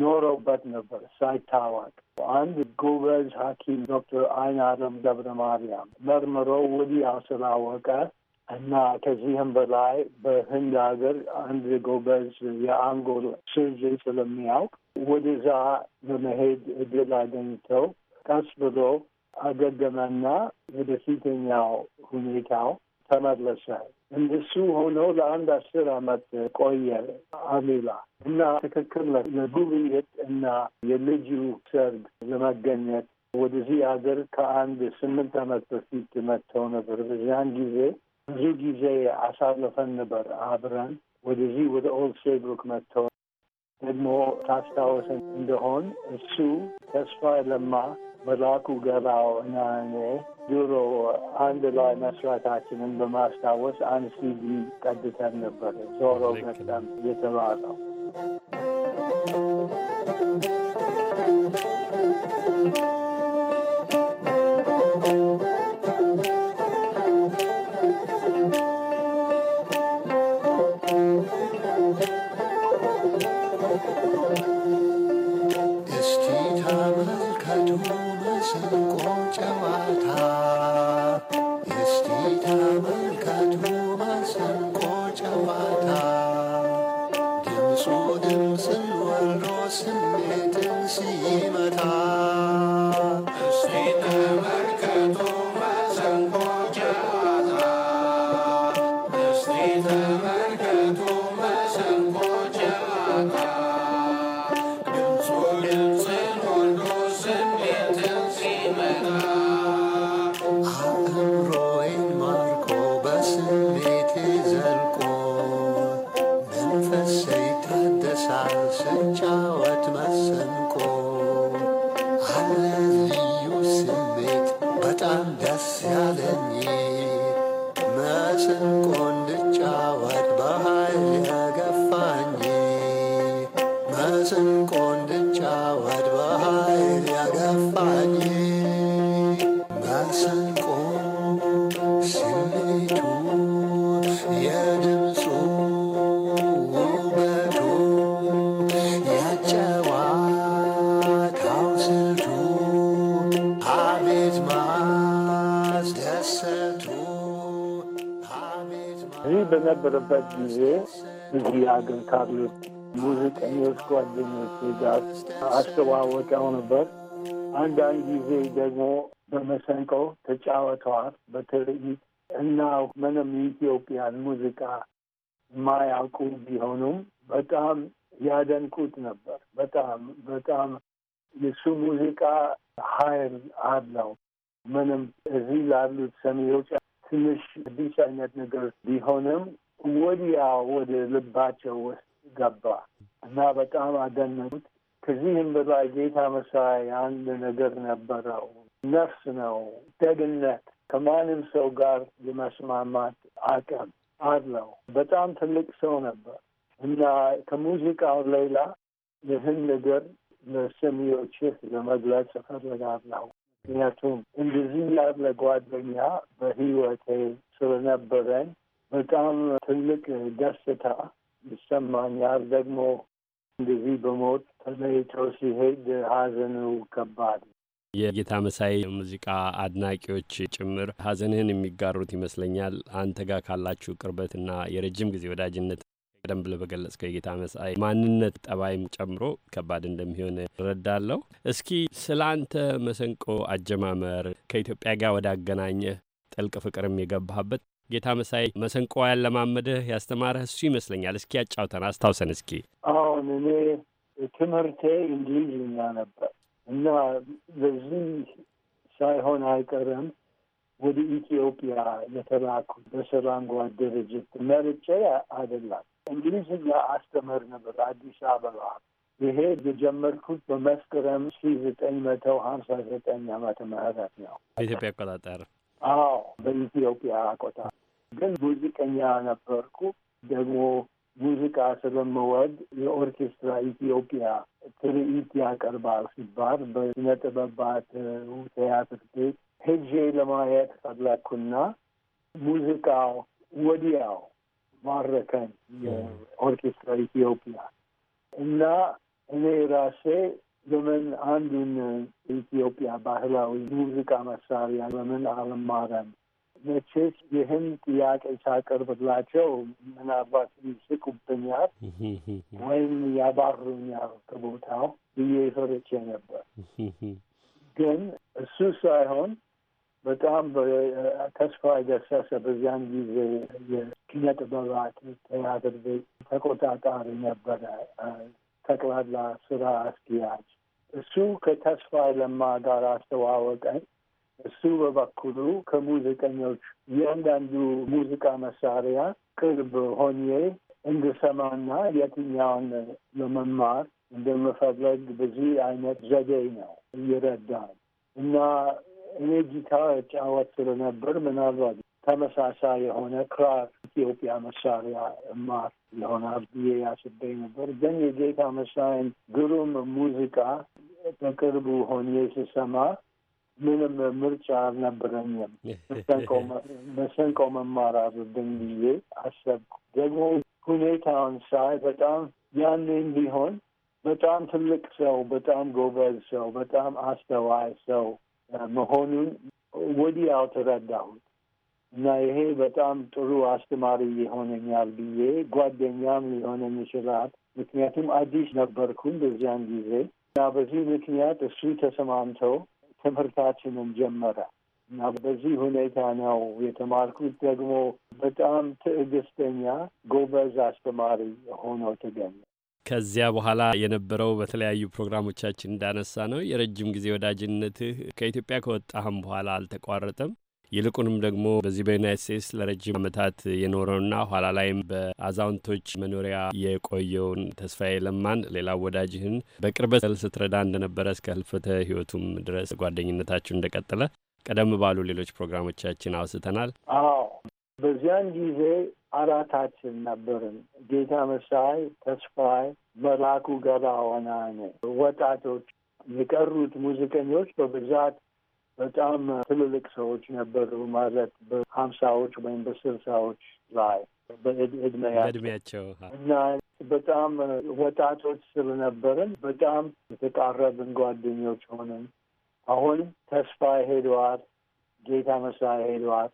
ኖረውበት ነበር ሳይታወቅ። አንድ ጎበዝ ሐኪም ዶክተር አለም ገብረ ማርያም መርምሮ ወዲያው ስላወቀ እና ከዚህም በላይ በህንድ ሀገር አንድ ጎበዝ የአንጎል ሰርጅን ስለሚያውቅ ወደዛ በመሄድ እድል አገኝተው ቀስ ብሎ አገገመና ወደፊተኛው ሁኔታው ተመለሰ። እንደሱ ሆኖ ለአንድ አስር አመት ቆየ አሚላ እና ትክክል ለጉብኝት እና የልጁ ሰርግ ለመገኘት ወደዚህ ሀገር ከአንድ ስምንት አመት በፊት መጥተው ነበር። በዚያን ጊዜ ብዙ ጊዜ አሳልፈን ነበር አብረን። ወደዚህ ወደ ኦልድ ሴብሩክ መጥተው ደግሞ ታስታወሰን እንደሆን እሱ ተስፋ ለማ መልአኩ ገባውና እኔ ድሮ አንድ ላይ መስራታችንን በማስታወስ አንድ ሲዲ ቀድተን ነበር። ዞሮ መቅደም የተባለው Thank you. በነበረበት ጊዜ እዚህ ካሉት ሙዚቀኞች ጓደኞች ጋር አስተዋወቀው ነበር። አንዳንድ ጊዜ ደግሞ በመሰንቆ ተጫወተዋል በትርኢት እና ምንም የኢትዮጵያን ሙዚቃ ማያውቁ ቢሆኑም በጣም ያደንቁት ነበር። በጣም በጣም የሱ ሙዚቃ ኃይል አለው። ምንም እዚህ ላሉት ሰሚዎች ትንሽ አዲስ አይነት ነገር ቢሆንም ወዲያ ወደ ልባቸው ውስጥ ገባ እና በጣም አደነቁት። ከዚህም በላይ ጌታ መሳይ አንድ ነገር ነበረው። ነፍስ ነው፣ ደግነት፣ ከማንም ሰው ጋር የመስማማት አቅም አለው። በጣም ትልቅ ሰው ነበር እና ከሙዚቃው ሌላ ይህን ነገር ለሰሚዎችህ ለመግለጽ እፈልጋለሁ። ምክንያቱም እንደዚህ ያለ ጓደኛ በህይወቴ ስለነበረን በጣም ትልቅ ደስታ ይሰማኛል። ደግሞ እንደዚህ በሞት ተለይቶ ሲሄድ ሀዘኑ ከባድ የጌታ መሳይ ሙዚቃ አድናቂዎች ጭምር ሀዘንህን የሚጋሩት ይመስለኛል። አንተ ጋር ካላችሁ ቅርበትና የረጅም ጊዜ ወዳጅነት ቀደም ብለህ በገለጽከው የጌታ መሳይ ማንነት ጠባይም ጨምሮ ከባድ እንደሚሆን እረዳለሁ። እስኪ ስለ አንተ መሰንቆ አጀማመር ከኢትዮጵያ ጋር ወዳገናኘህ ጥልቅ ፍቅርም የገባህበት ጌታ መሳይ መሰንቆ ያለማመደህ ያስተማረህ እሱ ይመስለኛል። እስኪ ያጫውተን፣ አስታውሰን እስኪ። አሁን እኔ ትምህርቴ እንግሊዝኛ ነበር እና በዚህ ሳይሆን አይቀርም ወደ ኢትዮጵያ ለተላኩ በሰራንጓ ድርጅት መርጬ አይደለም እንግሊዝኛ አስተምር ነበር አዲስ አበባ። ይሄ የጀመርኩት በመስከረም ሺ ዘጠኝ መቶ ሀምሳ ዘጠኝ ዓመተ ምህረት ነው በኢትዮጵያ አቆጣጠር። አዎ በኢትዮጵያ አቆጣጠር ግን ሙዚቀኛ ነበርኩ። ደግሞ ሙዚቃ ስለምወድ የኦርኬስትራ ኢትዮጵያ ትርኢት ያቀርባል ሲባል በስነ ጥበባት ቲያትር ቤት ሄጄ ለማየት ፈለኩና ሙዚቃው ወዲያው ማረከን የኦርኬስትራ ኢትዮጵያ እና እኔ ራሴ ለምን አንዱን ኢትዮጵያ ባህላዊ ሙዚቃ መሳሪያ ለምን አልማረም መቼስ ይህን ጥያቄ ሳቀርብላቸው ምናልባት ይስቁብኛል ወይም ያባሩኛል ከቦታው ብዬ ፈርቼ ነበር። ግን እሱ ሳይሆን በጣም ተስፋ የገሰሰ በዚያን ጊዜ የኪነ ጥበባት ቲያትር ቤት ተቆጣጣሪ ነበረ፣ ጠቅላላ ስራ አስኪያጅ። እሱ ከተስፋ ለማ ጋር አስተዋወቀኝ። እሱ በበኩሉ ከሙዚቀኞች እያንዳንዱ ሙዚቃ መሳሪያ ቅርብ ሆኜ እንድሰማና የትኛውን ለመማር እንደምፈለግ ብዙ አይነት ዘዴ ነው ይረዳል እና እኔ ጊታር እጫወት ስለነበር ምናልባት ተመሳሳይ የሆነ ክራር ኢትዮጵያ መሳሪያ እማር ይሆናል ብዬ ያስበኝ ነበር። ግን የጌታ መሳይን ግሩም ሙዚቃ በቅርቡ ሆኜ ስሰማ ምንም ምርጫ አልነበረኝም። መሰንቆ መማር አለብኝ ብዬ አሰብኩ። ደግሞ ሁኔታውን ሳይ በጣም ያኔም ቢሆን በጣም ትልቅ ሰው፣ በጣም ጎበዝ ሰው፣ በጣም አስተዋይ ሰው መሆኑን ወዲያው ተረዳሁት እና ይሄ በጣም ጥሩ አስተማሪ ይሆነኛል ብዬ ጓደኛም ሊሆን ይችላል። ምክንያቱም አዲስ ነበርኩኝ በዚያን ጊዜ እና በዚህ ምክንያት እሱ ተሰማምተው ትምህርታችንን ጀመረ እና በዚህ ሁኔታ ነው የተማርኩት። ደግሞ በጣም ትዕግስተኛ ጎበዝ አስተማሪ ሆኖ ተገኘ። ከዚያ በኋላ የነበረው በተለያዩ ፕሮግራሞቻችን እንዳነሳ ነው የረጅም ጊዜ ወዳጅነትህ ከኢትዮጵያ ከወጣህም በኋላ አልተቋረጠም። ይልቁንም ደግሞ በዚህ በዩናይት ስቴትስ ለረጅም ዓመታት የኖረውና ኋላ ላይም በአዛውንቶች መኖሪያ የቆየውን ተስፋዬ ለማን ሌላ ወዳጅህን በቅርበት ስትረዳ እንደነበረ እስከ ህልፈተ ህይወቱም ድረስ ጓደኝነታችሁ እንደቀጠለ ቀደም ባሉ ሌሎች ፕሮግራሞቻችን አውስተናል። አዎ በዚያን ጊዜ አራታችን ነበርን። ጌታ መሳይ፣ ተስፋይ፣ መላኩ ገባ ሆና ወጣቶች የቀሩት ሙዚቀኞች በብዛት በጣም ትልልቅ ሰዎች ነበሩ ማለት በሀምሳዎች ወይም በስልሳዎች ላይ በእድሜያቸው እና በጣም ወጣቶች ስለነበርን በጣም የተቃረብን ጓደኞች ሆንን። አሁን ተስፋ ሄደዋት ጌታ መሳ ሄደዋት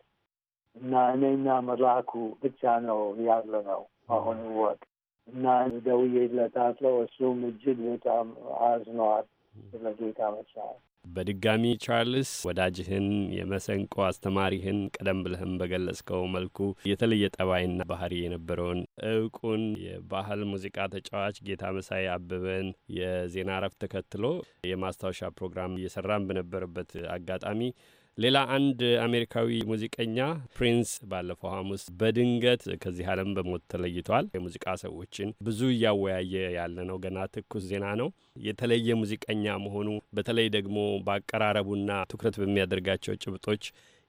እና እኔና መላኩ ብቻ ነው ያለ ነው አሁን ወቅ እና ደውዬለታለሁ። እሱም እጅግ በጣም አዝነዋል ስለ ጌታ መሳይ በድጋሚ ቻርልስ ወዳጅህን የመሰንቆ አስተማሪህን ቀደም ብለህም በገለጽከው መልኩ የተለየ ጠባይና ባህሪ የነበረውን እውቁን የባህል ሙዚቃ ተጫዋች ጌታ መሳይ አበበን የዜና እረፍት ተከትሎ የማስታወሻ ፕሮግራም እየሰራን በነበረበት አጋጣሚ ሌላ አንድ አሜሪካዊ ሙዚቀኛ ፕሪንስ ባለፈው ሐሙስ በድንገት ከዚህ ዓለም በሞት ተለይቷል። የሙዚቃ ሰዎችን ብዙ እያወያየ ያለ ነው። ገና ትኩስ ዜና ነው። የተለየ ሙዚቀኛ መሆኑ በተለይ ደግሞ በአቀራረቡና ትኩረት በሚያደርጋቸው ጭብጦች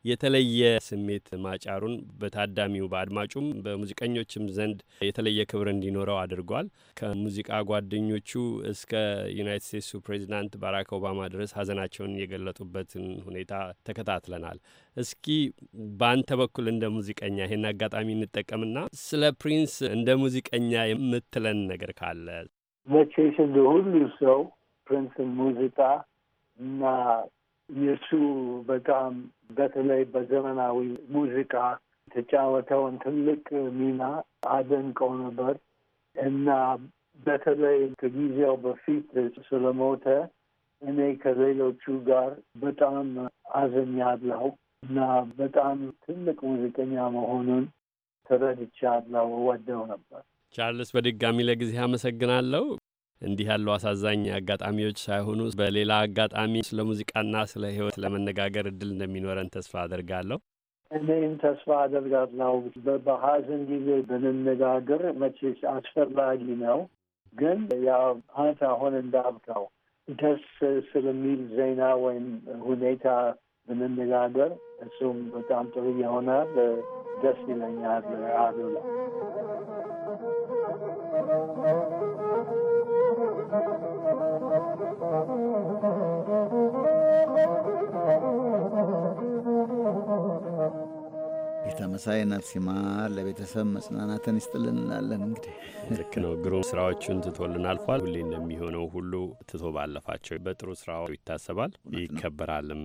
የተለየ ስሜት ማጫሩን በታዳሚው በአድማጩም በሙዚቀኞችም ዘንድ የተለየ ክብር እንዲኖረው አድርጓል። ከሙዚቃ ጓደኞቹ እስከ ዩናይትድ ስቴትሱ ፕሬዚዳንት ባራክ ኦባማ ድረስ ሀዘናቸውን የገለጡበትን ሁኔታ ተከታትለናል። እስኪ በአንተ በኩል እንደ ሙዚቀኛ ይሄን አጋጣሚ እንጠቀምና ስለ ፕሪንስ እንደ ሙዚቀኛ የምትለን ነገር ካለ መቼስ እንደ ሁሉ ሰው ፕሪንስን ሙዚቃ እና የእሱ በጣም በተለይ በዘመናዊ ሙዚቃ የተጫወተውን ትልቅ ሚና አደንቀው ነበር እና በተለይ ከጊዜው በፊት ስለሞተ እኔ ከሌሎቹ ጋር በጣም አዝኛለሁ እና በጣም ትልቅ ሙዚቀኛ መሆኑን ተረድቻለሁ። ወደው ነበር። ቻርልስ፣ በድጋሚ ለጊዜ አመሰግናለሁ። እንዲህ ያሉ አሳዛኝ አጋጣሚዎች ሳይሆኑ በሌላ አጋጣሚ ስለ ሙዚቃና ስለ ህይወት ለመነጋገር እድል እንደሚኖረን ተስፋ አድርጋለሁ። እኔም ተስፋ አደርጋለሁ። በሀዘን ጊዜ ብንነጋገር መቼ አስፈላጊ ነው። ግን ያው አንተ አሁን እንዳብቀው ደስ ስለሚል ዜና ወይም ሁኔታ ብንነጋገር እሱም በጣም ጥሩ ይሆናል። ደስ ይለኛል አሉላ ተመሳይ ነፍስ ይማር ለቤተሰብ መጽናናትን ይስጥልን እንላለን። እንግዲህ ልክ ነው። ግሩም ስራዎቹን ትቶልን አልፏል። ሁሌ እንደሚሆነው ሁሉ ትቶ ባለፋቸው በጥሩ ስራው ይታሰባል ይከበራልም።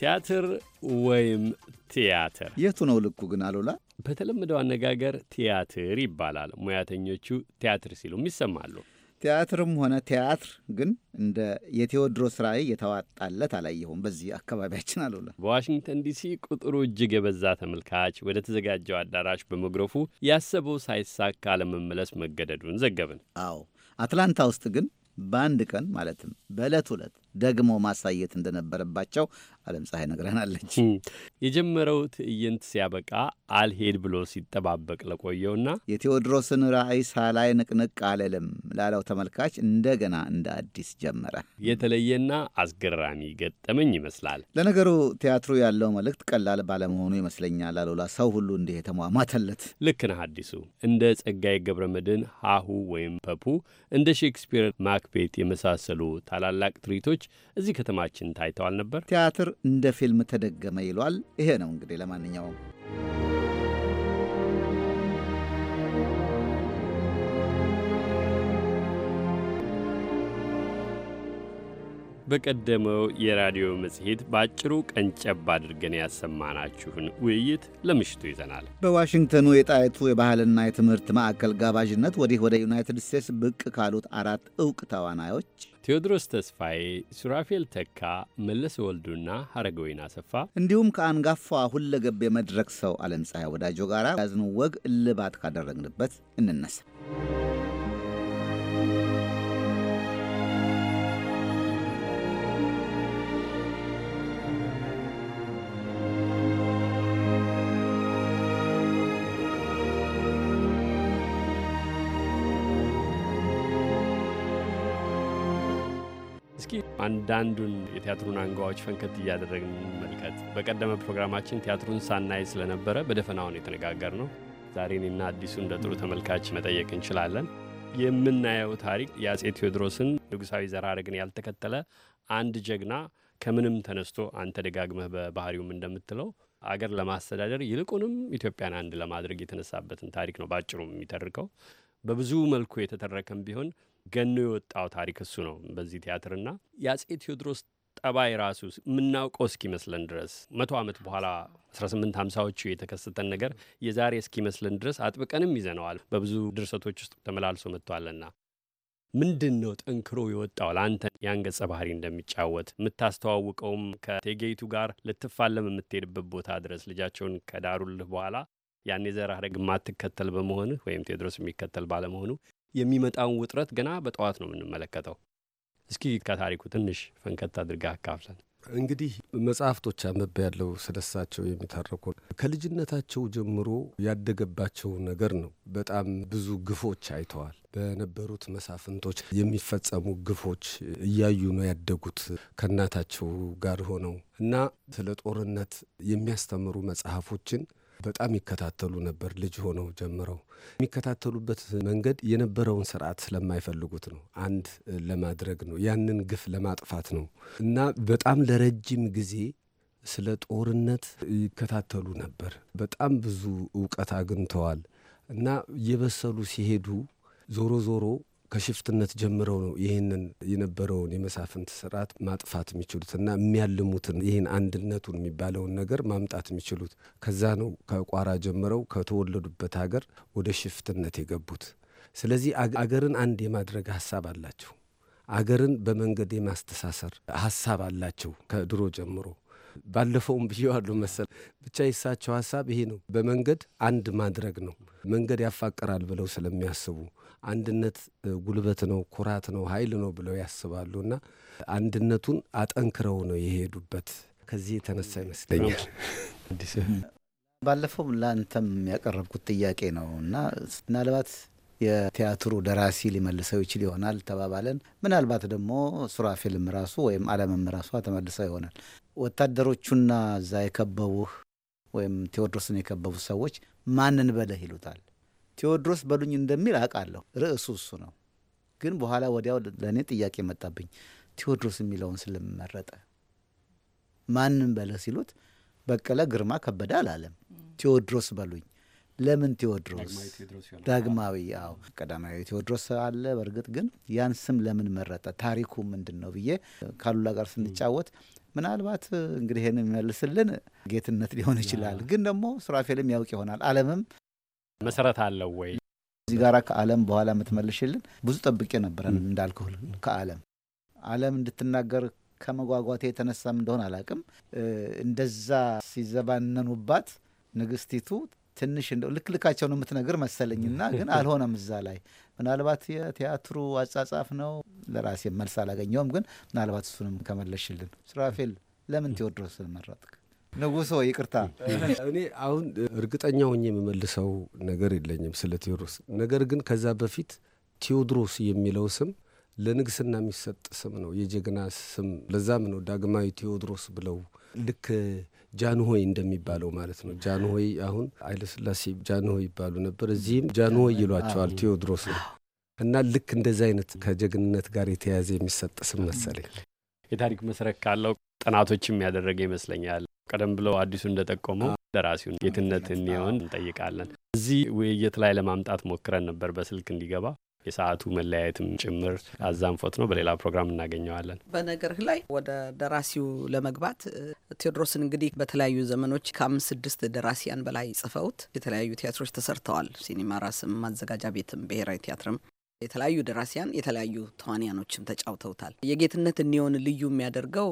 ቲያትር ወይም ቲያትር የቱ ነው ልኩ ግን አሉላ? በተለምደው አነጋገር ቲያትር ይባላል። ሙያተኞቹ ቲያትር ሲሉም ይሰማሉ። ቲያትርም ሆነ ቲያትር ግን እንደ የቴዎድሮስ ራዕይ የተዋጣለት አላየሁም በዚህ አካባቢያችን አሉላ። በዋሽንግተን ዲሲ ቁጥሩ እጅግ የበዛ ተመልካች ወደ ተዘጋጀው አዳራሽ በመግረፉ ያሰበው ሳይሳካ ለመመለስ መገደዱን ዘገብን። አዎ አትላንታ ውስጥ ግን በአንድ ቀን ማለትም በዕለት ሁለት ደግሞ ማሳየት እንደነበረባቸው አለም ፀሐይ ነግረናለች። የጀመረው ትዕይንት ሲያበቃ አልሄድ ብሎ ሲጠባበቅ ለቆየውና የቴዎድሮስን ራዕይ ሳላይ ንቅንቅ አልልም ላለው ተመልካች እንደገና እንደ አዲስ ጀመረ። የተለየና አስገራሚ ገጠመኝ ይመስላል። ለነገሩ ቲያትሩ ያለው መልእክት ቀላል ባለመሆኑ ይመስለኛል አሉላ ሰው ሁሉ እንዲህ የተሟሟተለት። ልክ ነህ አዲሱ። እንደ ጸጋዬ ገብረ መድኅን ሀሁ ወይም ፐፑ፣ እንደ ሼክስፒር ማክቤት የመሳሰሉ ታላላቅ ትርኢቶች እዚህ ከተማችን ታይተዋል ነበር። ቲያትር እንደ ፊልም ተደገመ ይሏል። ይሄ ነው እንግዲህ ለማንኛውም በቀደመው የራዲዮ መጽሔት በአጭሩ ቀንጨብ አድርገን ያሰማናችሁን ውይይት ለምሽቱ ይዘናል። በዋሽንግተኑ የጣይቱ የባህልና የትምህርት ማዕከል ጋባዥነት ወዲህ ወደ ዩናይትድ ስቴትስ ብቅ ካሉት አራት እውቅ ተዋናዮች ቴዎድሮስ ተስፋዬ፣ ሱራፌል ተካ፣ መለሰ ወልዱና ሀረገወይን አሰፋ እንዲሁም ከአንጋፋ ሁለገብ የመድረክ ሰው አለም ፀሐይ ወዳጆ ጋር ያዝኑ ወግ እልባት ካደረግንበት እንነሳ። እስኪ አንዳንዱን የቲያትሩን አንጓዎች ፈንከት እያደረግን መልቀት። በቀደመ ፕሮግራማችን ቲያትሩን ሳናይ ስለነበረ በደፈናውን የተነጋገር ነው። ዛሬ እኔና አዲሱ እንደ ጥሩ ተመልካች መጠየቅ እንችላለን። የምናየው ታሪክ የአጼ ቴዎድሮስን ንጉሳዊ ዘራረግን ያልተከተለ አንድ ጀግና ከምንም ተነስቶ አንተ ደጋግመህ በባህሪውም እንደምትለው አገር ለማስተዳደር ይልቁንም ኢትዮጵያን አንድ ለማድረግ የተነሳበትን ታሪክ ነው በአጭሩ የሚተርከው። በብዙ መልኩ የተተረከም ቢሆን ገኖ የወጣው ታሪክ እሱ ነው። በዚህ ቲያትርና የአጼ ቴዎድሮስ ጠባይ ራሱ የምናውቀው እስኪመስለን ድረስ መቶ ዓመት በኋላ 1850ዎቹ የተከሰተን ነገር የዛሬ እስኪመስለን ድረስ አጥብቀንም ይዘነዋል። በብዙ ድርሰቶች ውስጥ ተመላልሶ መጥቷልና ምንድን ነው ጠንክሮ የወጣው ለአንተ ያን ገጸ ባህሪ እንደሚጫወት የምታስተዋውቀውም ከቴጌይቱ ጋር ልትፋለም የምትሄድበት ቦታ ድረስ ልጃቸውን ከዳሩልህ በኋላ ያን የዘር ሐረግ የማትከተል በመሆንህ ወይም ቴዎድሮስ የሚከተል ባለመሆኑ የሚመጣውን ውጥረት ገና በጠዋት ነው የምንመለከተው። እስኪ ከታሪኩ ትንሽ ፈንከት አድርጋ አካፍለን። እንግዲህ መጽሐፍቶች አመብ ያለው ስለሳቸው የሚታረኩ ከልጅነታቸው ጀምሮ ያደገባቸው ነገር ነው። በጣም ብዙ ግፎች አይተዋል። በነበሩት መሳፍንቶች የሚፈጸሙ ግፎች እያዩ ነው ያደጉት ከእናታቸው ጋር ሆነው እና ስለ ጦርነት የሚያስተምሩ መጽሐፎችን በጣም ይከታተሉ ነበር። ልጅ ሆነው ጀምረው የሚከታተሉበት መንገድ የነበረውን ስርዓት ስለማይፈልጉት ነው። አንድ ለማድረግ ነው፣ ያንን ግፍ ለማጥፋት ነው እና በጣም ለረጅም ጊዜ ስለ ጦርነት ይከታተሉ ነበር። በጣም ብዙ እውቀት አግኝተዋል እና እየበሰሉ ሲሄዱ ዞሮ ዞሮ ከሽፍትነት ጀምረው ነው ይህንን የነበረውን የመሳፍንት ስርዓት ማጥፋት የሚችሉትና የሚያልሙትን ይህን አንድነቱን የሚባለውን ነገር ማምጣት የሚችሉት ከዛ ነው። ከቋራ ጀምረው ከተወለዱበት ሀገር ወደ ሽፍትነት የገቡት። ስለዚህ አገርን አንድ የማድረግ ሀሳብ አላቸው። አገርን በመንገድ የማስተሳሰር ሀሳብ አላቸው ከድሮ ጀምሮ። ባለፈውም ብዬዋለሁ መሰል ብቻ የሳቸው ሀሳብ ይሄ ነው፣ በመንገድ አንድ ማድረግ ነው። መንገድ ያፋቅራል ብለው ስለሚያስቡ አንድነት ጉልበት ነው፣ ኩራት ነው፣ ኃይል ነው ብለው ያስባሉና አንድነቱን አጠንክረው ነው የሄዱበት። ከዚህ የተነሳ ይመስለኛል ባለፈው ለአንተም ያቀረብኩት ጥያቄ ነው እና ምናልባት የቲያትሩ ደራሲ ሊመልሰው ይችል ይሆናል ተባባለን። ምናልባት ደግሞ ሱራፌልም ራሱ ወይም አለምም ራሷ ተመልሰው ይሆናል። ወታደሮቹና እዛ የከበቡህ ወይም ቴዎድሮስን የከበቡ ሰዎች ማንን በለህ ይሉታል? ቴዎድሮስ በሉኝ እንደሚል አውቃለሁ። ርዕሱ እሱ ነው። ግን በኋላ ወዲያው ለእኔ ጥያቄ መጣብኝ። ቴዎድሮስ የሚለውን ስለመረጠ ማንም በለህ ሲሉት በቀለ ግርማ ከበደ አላለም። ቴዎድሮስ በሉኝ። ለምን ቴዎድሮስ? ዳግማዊ። አዎ ቀዳማዊ ቴዎድሮስ አለ። በእርግጥ ግን ያን ስም ለምን መረጠ? ታሪኩ ምንድን ነው ብዬ ካሉላ ጋር ስንጫወት ምናልባት እንግዲህ ይህን የሚመልስልን ጌትነት ሊሆን ይችላል። ግን ደግሞ ሱራፌልም ያውቅ ይሆናል። ዓለምም መሰረት አለው ወይ? እዚህ ጋር ከዓለም በኋላ የምትመልሽልን ብዙ ጠብቄ ነበረ እንዳልኩህ ከዓለም ዓለም እንድትናገር ከመጓጓቴ የተነሳም እንደሆን አላቅም። እንደዛ ሲዘባነኑባት ንግስቲቱ ትንሽ ልክልካቸው ነው የምትነግር መሰለኝና ግን አልሆነም። እዛ ላይ ምናልባት የቲያትሩ አጻጻፍ ነው። ለራሴ መልስ አላገኘውም፣ ግን ምናልባት እሱንም ከመለሽልን። ስራፌል ለምን ቴዎድሮስን መረጥክ? ንጉሶ ይቅርታ። እኔ አሁን እርግጠኛ ሆኜ የምመልሰው ነገር የለኝም ስለ ቴዎድሮስ። ነገር ግን ከዛ በፊት ቴዎድሮስ የሚለው ስም ለንግስና የሚሰጥ ስም ነው፣ የጀግና ስም። ለዛም ነው ዳግማዊ ቴዎድሮስ ብለው ልክ ጃንሆይ እንደሚባለው ማለት ነው። ጃንሆይ አሁን ኃይለስላሴ ጃንሆይ ይባሉ ነበር፣ እዚህም ጃንሆይ ይሏቸዋል። ቴዎድሮስ ነው እና ልክ እንደዚህ አይነት ከጀግንነት ጋር የተያያዘ የሚሰጥ ስም መሰለኝ። የታሪክ መሰረት ካለው ጥናቶችም ያደረገ ይመስለኛል። ቀደም ብሎ አዲሱ እንደጠቆመው ደራሲውን ጌትነት እንየውን እንጠይቃለን። እዚህ ውይይት ላይ ለማምጣት ሞክረን ነበር በስልክ እንዲገባ የሰዓቱ መለያየትም ጭምር አዛንፎት ነው። በሌላ ፕሮግራም እናገኘዋለን። በነገርህ ላይ ወደ ደራሲው ለመግባት ቴዎድሮስን እንግዲህ በተለያዩ ዘመኖች ከአምስት ስድስት ደራሲያን በላይ ጽፈውት የተለያዩ ቲያትሮች ተሰርተዋል። ሲኒማ ራስም፣ ማዘጋጃ ቤትም፣ ብሔራዊ ቲያትርም የተለያዩ ደራሲያን የተለያዩ ተዋንያኖችም ተጫውተውታል። የጌትነት እኒሆን ልዩ የሚያደርገው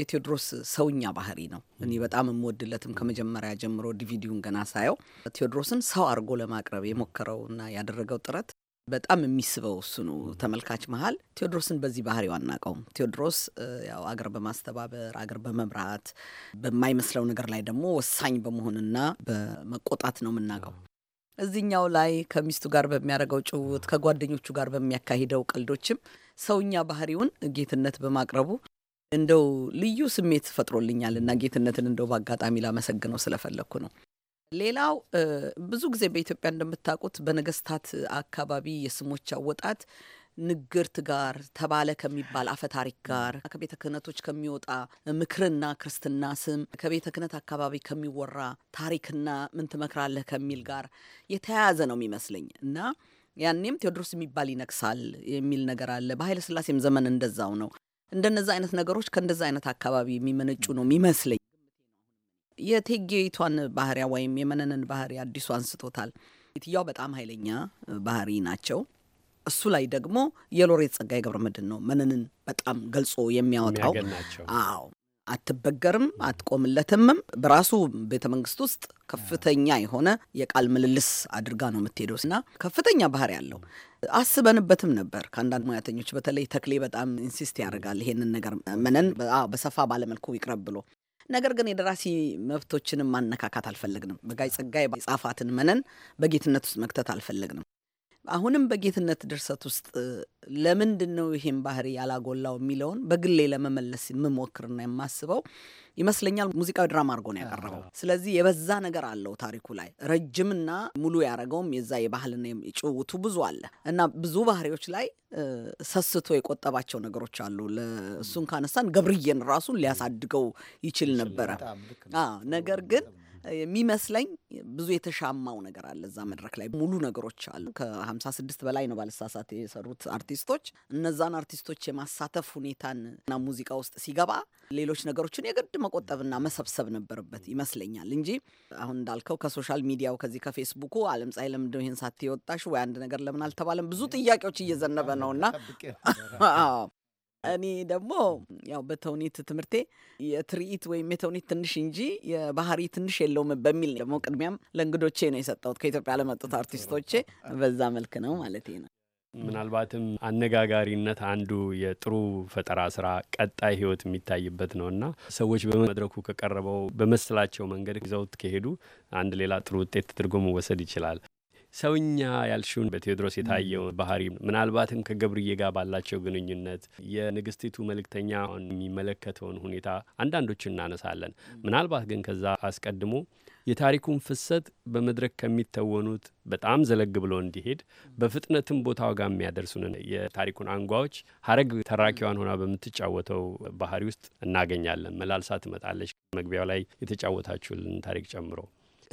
የቴዎድሮስ ሰውኛ ባህሪ ነው። እኔ በጣም የምወድለትም ከመጀመሪያ ጀምሮ ዲቪዲውን ገና ሳየው ቴዎድሮስን ሰው አድርጎ ለማቅረብ የሞከረውና ያደረገው ጥረት በጣም የሚስበው ነው። ተመልካች መሀል ቴዎድሮስን በዚህ ባህሪው አናውቀውም። ቴዎድሮስ ያው አገር በማስተባበር አገር በመምራት በማይመስለው ነገር ላይ ደግሞ ወሳኝ በመሆንና በመቆጣት ነው የምናውቀው። እዚኛው ላይ ከሚስቱ ጋር በሚያደርገው ጭውት፣ ከጓደኞቹ ጋር በሚያካሂደው ቀልዶችም ሰውኛ ባህሪውን ጌትነት በማቅረቡ እንደው ልዩ ስሜት ፈጥሮልኛል እና ጌትነትን እንደው በአጋጣሚ ላመሰግነው ስለፈለግኩ ነው። ሌላው ብዙ ጊዜ በኢትዮጵያ እንደምታውቁት በነገስታት አካባቢ የስሞች አወጣት ንግርት ጋር ተባለ ከሚባል አፈታሪክ ጋር ከቤተ ክህነቶች ከሚወጣ ምክርና ክርስትና ስም ከቤተ ክህነት አካባቢ ከሚወራ ታሪክና ምን ትመክራለህ ከሚል ጋር የተያያዘ ነው የሚመስለኝ እና ያኔም ቴዎድሮስ የሚባል ይነግሳል የሚል ነገር አለ። በኃይለ ስላሴም ዘመን እንደዛው ነው። እንደነዛ አይነት ነገሮች ከእንደዛ አይነት አካባቢ የሚመነጩ ነው የሚመስለኝ። የእቴጌይቷን ባህሪያ ወይም የመነንን ባህሪ አዲሱ አንስቶታል። ትያው በጣም ኃይለኛ ባህሪ ናቸው። እሱ ላይ ደግሞ የሎሬት ጸጋዬ ገብረመድህን ነው መነንን በጣም ገልጾ የሚያወጣው። አዎ አትበገርም፣ አትቆምለትምም። በራሱ ቤተ መንግስት ውስጥ ከፍተኛ የሆነ የቃል ምልልስ አድርጋ ነው የምትሄደው እና ከፍተኛ ባህሪ ያለው አስበንበትም ነበር። ከአንዳንድ ሙያተኞች በተለይ ተክሌ በጣም ኢንሲስት ያደርጋል ይሄንን ነገር መነን በሰፋ ባለመልኩ ይቅረብ ብሎ ነገር ግን የደራሲ መብቶችንም ማነካካት አልፈለግንም። በጋይ ጸጋዬ የጻፋትን መነን በጌትነት ውስጥ መክተት አልፈለግንም። አሁንም በጌትነት ድርሰት ውስጥ ለምንድን ነው ይሄን ባህሪ ያላጎላው የሚለውን በግሌ ለመመለስ የምሞክርና የማስበው ይመስለኛል። ሙዚቃዊ ድራማ አድርጎ ነው ያቀረበው። ስለዚህ የበዛ ነገር አለው ታሪኩ ላይ ረጅምና ሙሉ ያደረገውም የዛ የባህልና የጭውቱ ብዙ አለ እና ብዙ ባህሪዎች ላይ ሰስቶ የቆጠባቸው ነገሮች አሉ። ለእሱን ካነሳን ገብርዬን ራሱን ሊያሳድገው ይችል ነበረ። ነገር ግን የሚመስለኝ ብዙ የተሻማው ነገር አለ እዛ መድረክ ላይ ሙሉ ነገሮች አሉ። ከሀምሳ ስድስት በላይ ነው ባለሳሳት የሰሩት አርቲስቶች። እነዛን አርቲስቶች የማሳተፍ ሁኔታንና ሙዚቃ ውስጥ ሲገባ ሌሎች ነገሮችን የግድ መቆጠብና መሰብሰብ ነበረበት ይመስለኛል እንጂ አሁን እንዳልከው ከሶሻል ሚዲያው ከዚህ ከፌስቡኩ አለም ፀሐይ ለምንድን ይህን ሳት ሳትወጣሽ ወይ አንድ ነገር ለምን አልተባለም ብዙ ጥያቄዎች እየዘነበ ነውና እኔ ደግሞ ያው በተውኔት ትምህርቴ የትርኢት ወይም የተውኔት ትንሽ እንጂ የባህሪ ትንሽ የለውም በሚል ደግሞ ቅድሚያም ለእንግዶቼ ነው የሰጠሁት ከኢትዮጵያ ለመጡት አርቲስቶቼ በዛ መልክ ነው ማለት ነው። ምናልባትም አነጋጋሪነት አንዱ የጥሩ ፈጠራ ስራ ቀጣይ ህይወት የሚታይበት ነውና ሰዎች በመድረኩ ከቀረበው በመሰላቸው መንገድ ይዘውት ከሄዱ አንድ ሌላ ጥሩ ውጤት ተደርጎ መወሰድ ይችላል። ሰውኛ ያልሽውን በቴዎድሮስ የታየውን ባህሪ ምናልባትም ከገብርዬ ጋር ባላቸው ግንኙነት የንግስቲቱ መልእክተኛ የሚመለከተውን ሁኔታ አንዳንዶች እናነሳለን። ምናልባት ግን ከዛ አስቀድሞ የታሪኩን ፍሰት በመድረክ ከሚተወኑት በጣም ዘለግ ብሎ እንዲሄድ በፍጥነትም ቦታው ጋር የሚያደርሱን የታሪኩን አንጓዎች ሀረግ ተራኪዋን ሆና በምትጫወተው ባህሪ ውስጥ እናገኛለን። መላልሳ ትመጣለች፣ መግቢያው ላይ የተጫወታችሁልን ታሪክ ጨምሮ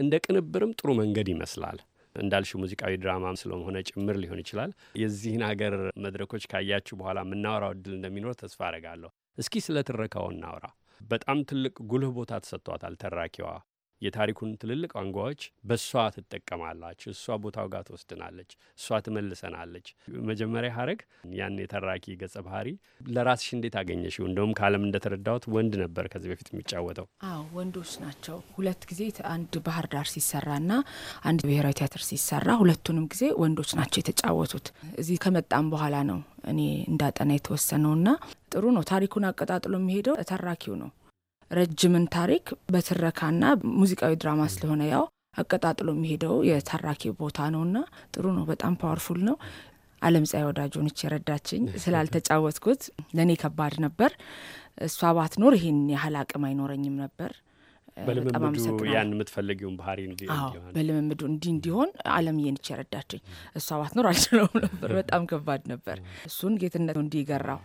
እንደ ቅንብርም ጥሩ መንገድ ይመስላል። እንዳልሽው ሙዚቃዊ ድራማ ስለሆነ ጭምር ሊሆን ይችላል። የዚህን ሀገር መድረኮች ካያችሁ በኋላ የምናወራው እድል እንደሚኖር ተስፋ አረጋለሁ። እስኪ ስለ ትረካው እናውራ። በጣም ትልቅ ጉልህ ቦታ ተሰጥቷታል ተራኪዋ የታሪኩን ትልልቅ አንጓዎች በእሷ ትጠቀማላች። እሷ ቦታው ጋር ትወስድናለች፣ እሷ ትመልሰናለች። መጀመሪያ ሀረግ ያን የተራኪ ገጸ ባህሪ ለራስሽ እንዴት አገኘሽው? እንደውም ከአለም እንደተረዳሁት ወንድ ነበር ከዚህ በፊት የሚጫወተው። አዎ ወንዶች ናቸው። ሁለት ጊዜ አንድ ባህር ዳር ሲሰራና አንድ ብሔራዊ ቲያትር ሲሰራ ሁለቱንም ጊዜ ወንዶች ናቸው የተጫወቱት። እዚህ ከመጣም በኋላ ነው እኔ እንዳጠና የተወሰነውና ጥሩ ነው። ታሪኩን አቀጣጥሎ የሚሄደው ተራኪው ነው። ረጅምን ታሪክ በትረካና ሙዚቃዊ ድራማ ስለሆነ ያው አቀጣጥሎ የሚሄደው የተራኪ ቦታ ነው እና ጥሩ ነው። በጣም ፓወርፉል ነው። አለም ፀሐይ ወዳጆ ነች የረዳችኝ። ስላልተጫወትኩት ለእኔ ከባድ ነበር። እሷ ባትኖር ይህን ያህል አቅም አይኖረኝም ነበር። በልምምዱ ያን የምትፈልጊውን ባህሪ በልምምዱ እንዲህ እንዲሆን አለም የንች የረዳችኝ። እሷ ባትኖር አልችለውም ነበር። በጣም ከባድ ነበር። እሱን ጌትነት እንዲህ ገራው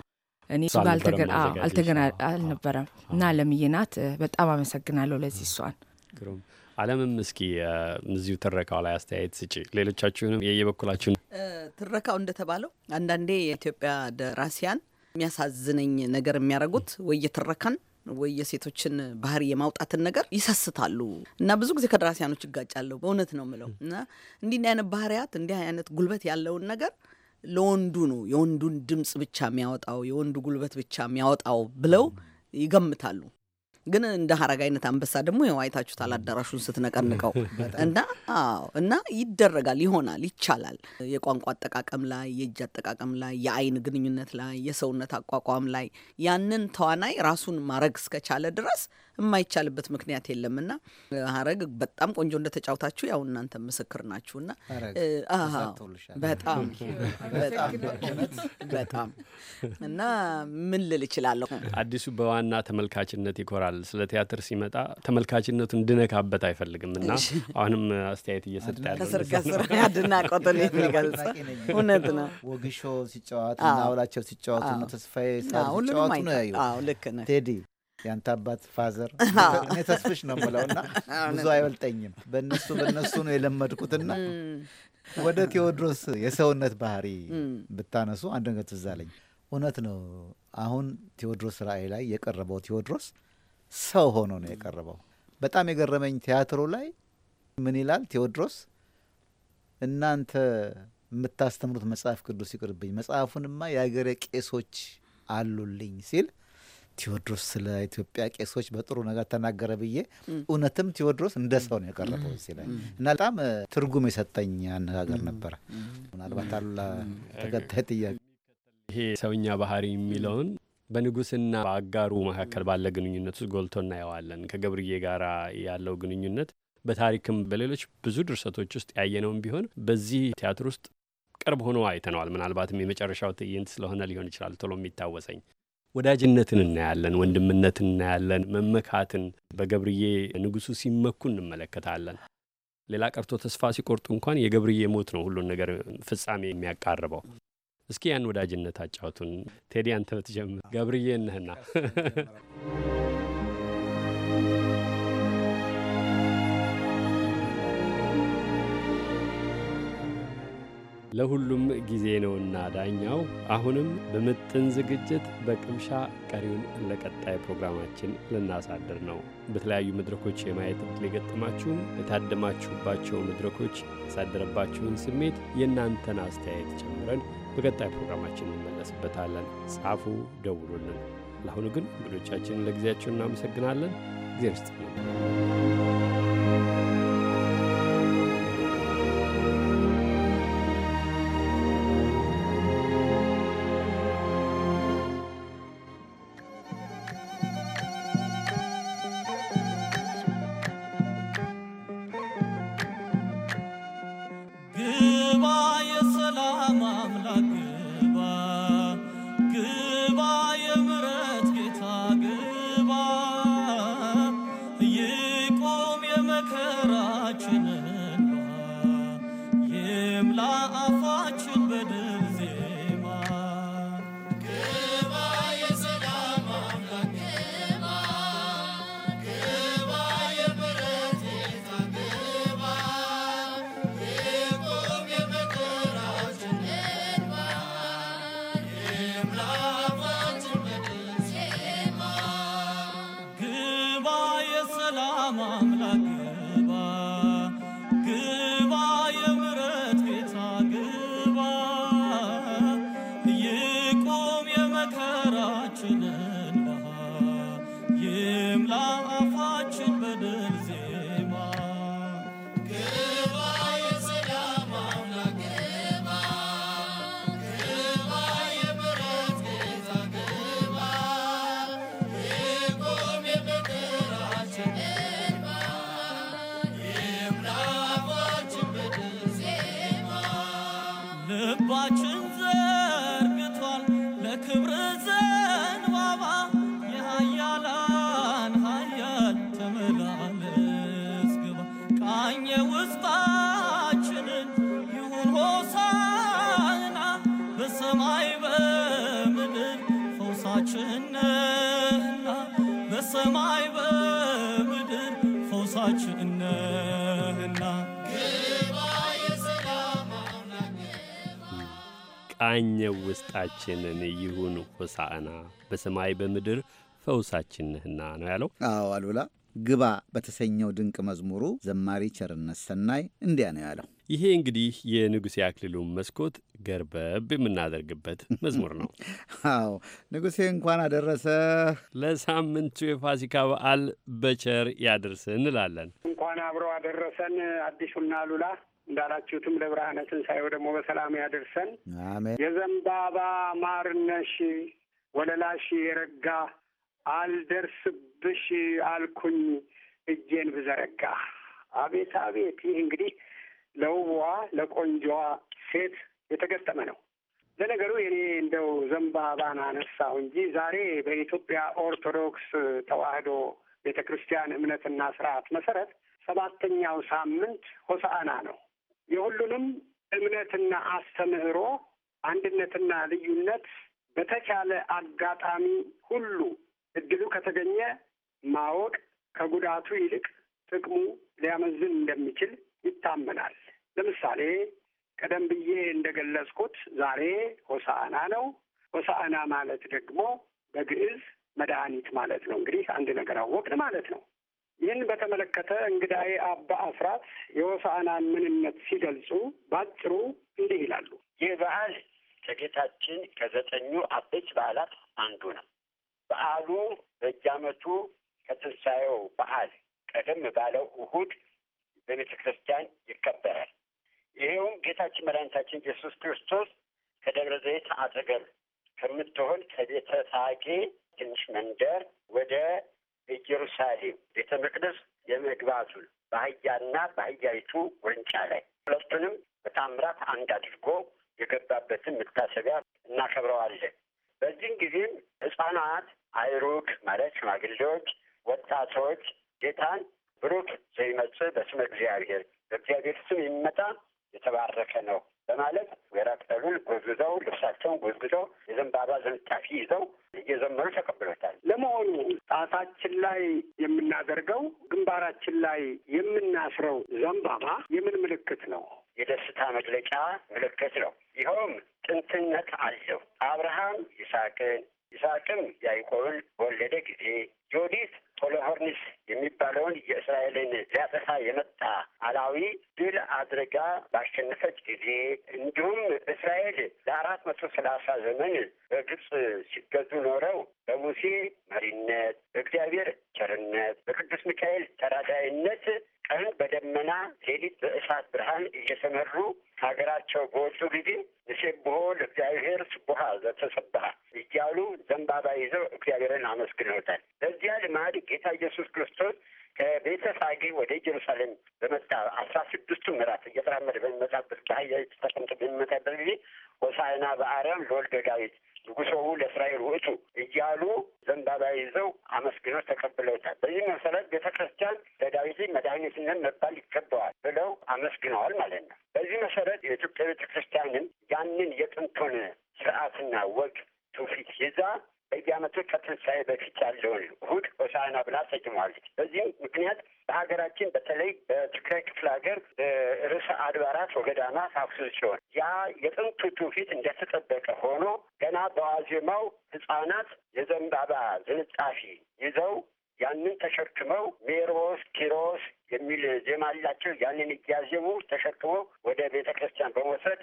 እኔ አልተገና አልነበረም እና አለምዬ በጣም አመሰግናለሁ ለዚህ እሷን አለምም እስኪ እዚሁ ትረካው ላይ አስተያየት ስጪ። ሌሎቻችሁንም የየበኩላችሁን ትረካው እንደተባለው አንዳንዴ የኢትዮጵያ ደራሲያን የሚያሳዝነኝ ነገር የሚያደርጉት ወይ የትረካን ወይ የሴቶችን ባህሪ የማውጣትን ነገር ይሰስታሉ እና ብዙ ጊዜ ከደራሲያኖች ይጋጫለሁ በእውነት ነው ምለው እና እንዲህ እንዲህ አይነት ባህርያት እንዲህ አይነት ጉልበት ያለውን ነገር ለወንዱ ነው የወንዱን ድምፅ ብቻ የሚያወጣው የወንዱ ጉልበት ብቻ የሚያወጣው ብለው ይገምታሉ። ግን እንደ ሀረግ አይነት አንበሳ ደግሞ ያው አይታችሁታል አዳራሹን ስትነቀንቀው እና አዎ እና ይደረጋል ይሆናል ይቻላል። የቋንቋ አጠቃቀም ላይ፣ የእጅ አጠቃቀም ላይ፣ የአይን ግንኙነት ላይ፣ የሰውነት አቋቋም ላይ ያንን ተዋናይ ራሱን ማድረግ እስከቻለ ድረስ የማይቻልበት ምክንያት የለምና ሀረግ በጣም ቆንጆ እንደተጫውታችሁ ያው እናንተ ምስክር ናችሁና በጣም በጣም እና ምን ልል እችላለሁ። አዲሱ በዋና ተመልካችነት ይኮራል። ስለ ቲያትር ሲመጣ ተመልካችነቱ እንድነካበት አይፈልግም እና አሁንም አስተያየት እየሰጠ ያለ ከስር ከስር አድናቆትን የሚገልጽ እውነት ነው። ወግሾ ሲጫወት ናውላቸው ሲጫወቱ ተስፋዬ ሲጫወቱ ነው ያዩ ቴዲ ያንተ አባት ፋዘር እኔ ተስፍሽ ነው ምለውና ብዙ አይበልጠኝም። በእነሱ በእነሱ ነው የለመድኩትና ወደ ቴዎድሮስ የሰውነት ባህሪ ብታነሱ አንድ ነገር ትዝ አለኝ። እውነት ነው። አሁን ቴዎድሮስ ራእይ ላይ የቀረበው ቴዎድሮስ ሰው ሆኖ ነው የቀረበው። በጣም የገረመኝ ቲያትሩ ላይ ምን ይላል ቴዎድሮስ እናንተ የምታስተምሩት መጽሐፍ ቅዱስ ይቅርብኝ፣ መጽሐፉንማ የአገሬ ቄሶች አሉልኝ ሲል ቴዎድሮስ ስለ ኢትዮጵያ ቄሶች በጥሩ ነገር ተናገረ ብዬ እውነትም ቴዎድሮስ እንደ ሰው ነው የቀረበው እዚህ ላይ እና በጣም ትርጉም የሰጠኝ አነጋገር ነበረ። ምናልባት አሉላ ተከታይ ጥያቄ ይሄ ሰውኛ ባህሪ የሚለውን በንጉስና በአጋሩ መካከል ባለ ግንኙነት ውስጥ ጎልቶ እናየዋለን። ከገብርዬ ጋር ያለው ግንኙነት በታሪክም በሌሎች ብዙ ድርሰቶች ውስጥ ያየነውም ቢሆን በዚህ ቲያትር ውስጥ ቅርብ ሆኖ አይተነዋል። ምናልባትም የመጨረሻው ትዕይንት ስለሆነ ሊሆን ይችላል ቶሎ የሚታወሰኝ ወዳጅነትን እናያለን፣ ወንድምነትን እናያለን፣ መመካትን በገብርዬ ንጉሱ ሲመኩ እንመለከታለን። ሌላ ቀርቶ ተስፋ ሲቆርጡ እንኳን የገብርዬ ሞት ነው ሁሉን ነገር ፍጻሜ የሚያቃርበው። እስኪ ያን ወዳጅነት አጫውቱን ቴዲ፣ አንተ ብትጀምር። ገብርዬ ነህና ለሁሉም ጊዜ ነውና ዳኛው። አሁንም በምጥን ዝግጅት በቅምሻ ቀሪውን ለቀጣይ ፕሮግራማችን ልናሳድር ነው። በተለያዩ መድረኮች የማየት እድል የገጠማችሁም የታደማችሁባቸው መድረኮች ያሳደረባችሁን ስሜት የእናንተን አስተያየት ጨምረን በቀጣይ ፕሮግራማችን እንመለስበታለን። ጻፉ፣ ደውሉልን። ለአሁኑ ግን እንግዶቻችንን ለጊዜያቸው እናመሰግናለን። ጊዜ ሰላም አምላክ ቃኘው ውስጣችንን ይሁን ሆሳዕና በሰማይ በምድር ፈውሳችን ነህና ነው ያለው። አዎ አሉላ ግባ በተሰኘው ድንቅ መዝሙሩ ዘማሪ ቸርነት ሰናይ እንዲያ ነው ያለው። ይሄ እንግዲህ የንጉሴ አክሊሉን መስኮት ገርበብ የምናደርግበት መዝሙር ነው። አዎ ንጉሴ እንኳን አደረሰ ለሳምንቱ የፋሲካ በዓል በቸር ያድርስ እንላለን። እንኳን አብሮ አደረሰን አዲሱና ሉላ እንዳላችሁትም ለብርሃነ ትንሣኤው ደግሞ በሰላም ያደርሰን። አሜን። የዘንባባ ማርነሽ ወለላሽ የረጋ አልደርስብሽ አልኩኝ እጄን ብዘረጋ። አቤት አቤት! ይህ እንግዲህ ለውቧ ለቆንጆዋ ሴት የተገጠመ ነው። ለነገሩ የኔ እንደው ዘንባባን አነሳው እንጂ ዛሬ በኢትዮጵያ ኦርቶዶክስ ተዋህዶ ቤተ ክርስቲያን እምነትና ስርዓት መሰረት ሰባተኛው ሳምንት ሆሳአና ነው። የሁሉንም እምነትና አስተምህሮ አንድነትና ልዩነት በተቻለ አጋጣሚ ሁሉ እድሉ ከተገኘ ማወቅ ከጉዳቱ ይልቅ ጥቅሙ ሊያመዝን እንደሚችል ይታመናል። ለምሳሌ ቀደም ብዬ እንደገለጽኩት ዛሬ ሆሳዕና ነው። ሆሳዕና ማለት ደግሞ በግዕዝ መድኃኒት ማለት ነው። እንግዲህ አንድ ነገር አወቅን ማለት ነው። ይህን በተመለከተ እንግዳዬ አባ አስራት የሆሳዕናን ምንነት ሲገልጹ ባጭሩ እንዲህ ይላሉ። ይህ በዓል ከጌታችን ከዘጠኙ አበይት በዓላት አንዱ ነው። በዓሉ በየዓመቱ ከትንሣኤው በዓል ቀደም ባለው እሁድ በቤተ ክርስቲያን ይከበራል። ይሄውም ጌታችን መድኃኒታችን ኢየሱስ ክርስቶስ ከደብረ ዘይት አጠገብ ከምትሆን ከቤተ ሳቄ ትንሽ መንደር ወደ ኢየሩሳሌም ቤተ መቅደስ የመግባቱን በአህያና በአህያይቱ ውርንጫ ላይ ሁለቱንም በታምራት አንድ አድርጎ የገባበትን መታሰቢያ እናከብረዋለን። በዚህም ጊዜም ህጻናት፣ አይሩክ ማለት ሽማግሌዎች፣ ወጣቶች ጌታን ብሩክ ዘይመጽእ በስመ እግዚአብሔር በእግዚአብሔር ስም የሚመጣ የተባረከ ነው በማለት ወይራ ቅጠሉን ጎዝጉዘው ልብሳቸውን ጎዝጉዘው የዘንባባ ዝንጣፊ ይዘው እየዘመሩ ተቀብሎታል። ለመሆኑ ጣታችን ላይ የምናደርገው ግንባራችን ላይ የምናስረው ዘንባባ የምን ምልክት ነው? የደስታ መግለጫ ምልክት ነው። ይኸውም ጥንትነት አለው። አብርሃም ይስሐቅን፣ ይስሐቅም ያዕቆብን በወለደ ጊዜ ጆዲት ሆሎፎርኒስ የሚባለውን የእስራኤልን ሊያጠፋ የመጣ አላዊ ድል አድርጋ ባሸነፈች ጊዜ እንዲሁም እስራኤል ለአራት መቶ ሰላሳ ዘመን በግብፅ ሲገዙ ኖረው በሙሴ መሪነት በእግዚአብሔር ቸርነት በቅዱስ ሚካኤል ተራዳይነት ቀን በደመና ሌሊት በእሳት ብርሃን እየተመሩ ሀገራቸው በወጡ ጊዜ ንሴብሖ ለእግዚአብሔር ስቡሃ ዘተሰብሐ እያሉ ዘንባባ ይዘው እግዚአብሔርን አመስግነውታል። በዚያ ልማድ ጌታ ኢየሱስ ክርስቶስ ከቤተ ፋጌ ወደ ኢየሩሳሌም በመጣ አስራ ስድስቱ ምዕራፍ እየተራመደ በሚመጣበት በአህያ ተቀምጦ በሚመጣበት ጊዜ ሆሳዕና በአርያም ለወልደ ዳዊት ንጉሶሙ ለእስራኤል ውእቱ እያሉ ዘንባባ ይዘው አመስግኖች ተቀብለውታል። በዚህ መሰረት ቤተ ክርስቲያን ለዳዊት መድኃኒትነት መባል ይገባዋል ብለው አመስግነዋል ማለት ነው። ታስፈጽመዋለች። በዚህም ምክንያት በሀገራችን በተለይ በትግራይ ክፍለ ሀገር ርዕሰ አድባራት ወገዳማት አክሱም ሲሆን ያ የጥንቱ ትውፊት እንደተጠበቀ ሆኖ ገና በዋዜማው ህጻናት የዘንባባ ዝንጣፊ ይዘው ያንን ተሸክመው ሜሮስ ኪሮስ የሚል ዜማ አላቸው። ያንን እያዜሙ ተሸክመው ወደ ቤተ ክርስቲያን በመውሰድ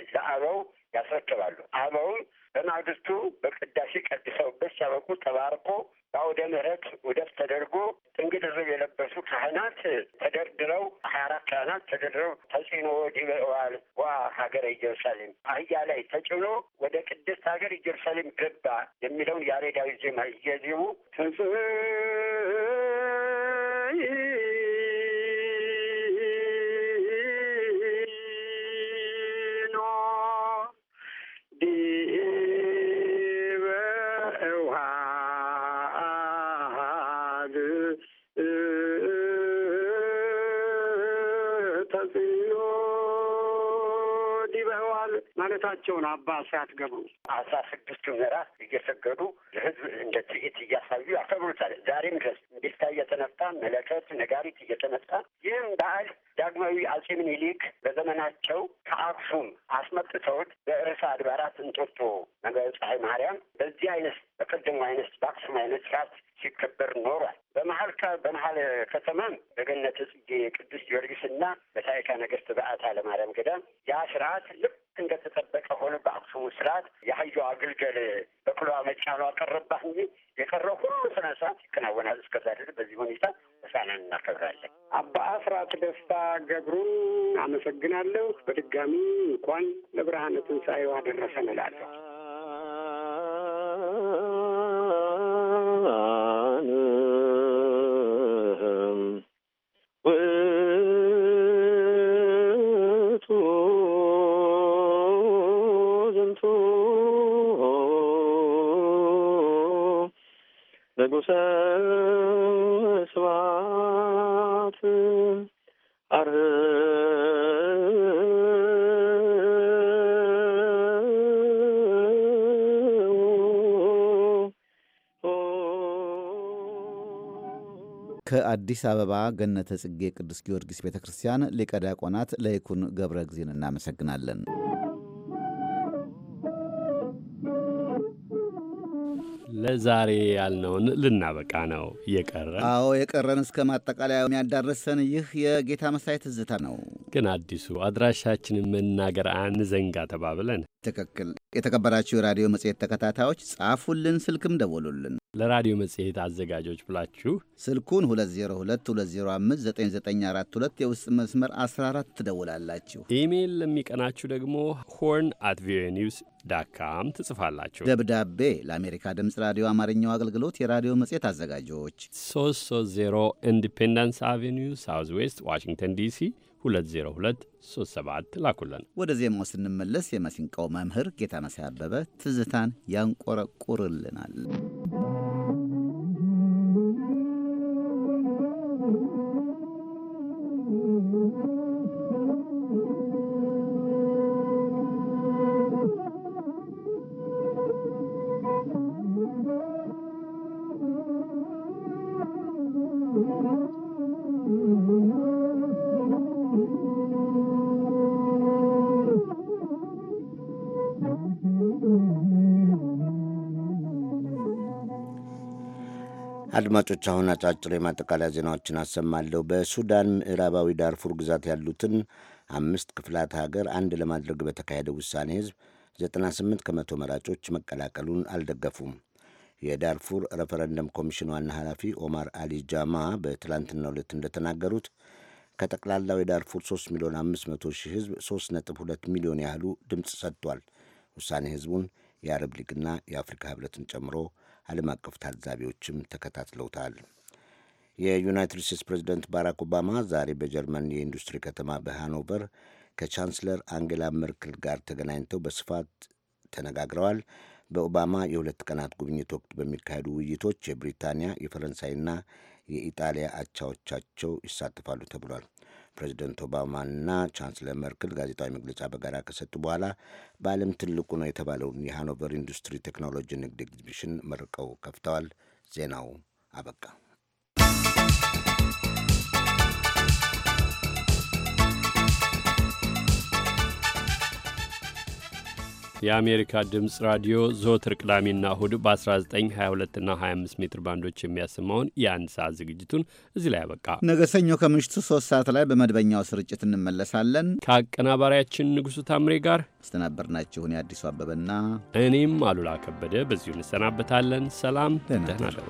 ተደርድሮ ተጽዕኖ ዲበዋል ዋ ሀገረ ኢየሩሳሌም አህያ ላይ ተጭኖ ወደ ቅድስት ሀገር ኢየሩሳሌም ገባ የሚለውን ያሬዳዊ ዜማ እየዜሙ ማለታቸውን አባ አባስ ገብሩ አስራ ስድስቱ ምዕራፍ እየሰገዱ ለህዝብ እንደ ትርኢት እያሳዩ ያከብሩታል። ዛሬም ድረስ እንዴታ እየተነፋ መለከት ነጋሪት እየተነፋ ይህም በዓል ዳግማዊ አጼ ምኒልክ በዘመናቸው ከአክሱም አስመጥተውት በርዕሰ አድባራት እንጦጦ ነገረ ፀሐይ ማርያም በዚህ አይነት በቅድሙ አይነት በአክሱም አይነት ስርዓት ሲከበር ኖሯል። በመሀል በመሀል ከተማም በገነተ ጽጌ ቅዱስ ጊዮርጊስና በታይካ ነገስት በዓታ ለማርያም ገዳም ያ ስርዓት እንደተጠበቀ ሆነ። በአክሱም ስርዓት የአህያዋ ግልገል በቅሎዋ መጫኗ አቀረባ እንጂ የቀረው ሁሉ ስነ ስርዓት ይከናወናል። እስከዛ ድረስ በዚህ ሁኔታ ህሳናን እናከብራለን። አባ አስራት ደስታ ገብሩን አመሰግናለሁ። በድጋሚ እንኳን ለብርሃነ ትንሣኤው አደረሰን እላለሁ። የአዲስ አበባ ገነተ ጽጌ ቅዱስ ጊዮርጊስ ቤተ ክርስቲያን ሊቀ ዲያቆናት ለይኩን ገብረ ጊዜን እናመሰግናለን። ለዛሬ ያልነውን ልናበቃ ነው የቀረን። አዎ የቀረን እስከ ማጠቃለያ የሚያዳረሰን ይህ የጌታ መሳይ ትዝታ ነው። ግን አዲሱ አድራሻችንን መናገር አንዘንጋ ተባብለን። ትክክል። የተከበራችሁ የራዲዮ መጽሔት ተከታታዮች ጻፉልን፣ ስልክም ደቦሉልን። ለራዲዮ መጽሔት አዘጋጆች ብላችሁ ስልኩን 2022059942 የውስጥ መስመር 14 ትደውላላችሁ። ኢሜይል ለሚቀናችሁ ደግሞ ሆርን አት ቪኦኤ ኒውስ ዳት ትጽፋላችሁ። ደብዳቤ ለአሜሪካ ድምፅ ራዲዮ አማርኛው አገልግሎት የራዲዮ መጽሔት አዘጋጆች 330 ኢንዲፔንደንስ አቬኒው ሳውዝ ዌስት ዋሽንግተን ዲሲ 20237 ላኩልን። ወደ ዜማው ስንመለስ የማሲንቆው መምህር ጌታ መሳይ አበበ ትዝታን ያንቆረቁርልናል። አድማጮች አሁን አጫጭር የማጠቃለያ ዜናዎችን አሰማለሁ። በሱዳን ምዕራባዊ ዳርፉር ግዛት ያሉትን አምስት ክፍላት ሀገር አንድ ለማድረግ በተካሄደ ውሳኔ ህዝብ 98 ከመቶ መራጮች መቀላቀሉን አልደገፉም። የዳርፉር ሬፈረንደም ኮሚሽን ዋና ኃላፊ ኦማር አሊ ጃማ በትላንትናው ዕለት እንደተናገሩት ከጠቅላላው የዳርፉር 3 ሚሊዮን 500 ሺህ ህዝብ 3.2 ሚሊዮን ያህሉ ድምፅ ሰጥቷል። ውሳኔ ህዝቡን የአረብ ሊግና የአፍሪካ ህብረትን ጨምሮ ዓለም አቀፍ ታዛቢዎችም ተከታትለውታል። የዩናይትድ ስቴትስ ፕሬዚደንት ባራክ ኦባማ ዛሬ በጀርመን የኢንዱስትሪ ከተማ በሃኖቨር ከቻንስለር አንጌላ መርክል ጋር ተገናኝተው በስፋት ተነጋግረዋል። በኦባማ የሁለት ቀናት ጉብኝት ወቅት በሚካሄዱ ውይይቶች የብሪታንያ የፈረንሳይና የኢጣሊያ አቻዎቻቸው ይሳተፋሉ ተብሏል። ፕሬዚደንት ኦባማና ቻንስለር መርክል ጋዜጣዊ መግለጫ በጋራ ከሰጡ በኋላ በዓለም ትልቁ ነው የተባለውን የሃኖቨር ኢንዱስትሪ ቴክኖሎጂ ንግድ ኤግዚቢሽን መርቀው ከፍተዋል። ዜናው አበቃ። የአሜሪካ ድምፅ ራዲዮ ዘወትር ቅዳሜና እሁድ በ1922 እና 25 ሜትር ባንዶች የሚያሰማውን የአንድ ሰዓት ዝግጅቱን እዚህ ላይ ያበቃ። ነገ ሰኞ ከምሽቱ ሶስት ሰዓት ላይ በመድበኛው ስርጭት እንመለሳለን። ከአቀናባሪያችን ንጉሡ ታምሬ ጋር ያስተናበርናችሁን የአዲሱ አበበና እኔም አሉላ ከበደ በዚሁ እንሰናበታለን። ሰላም፣ ደህና ደሩ።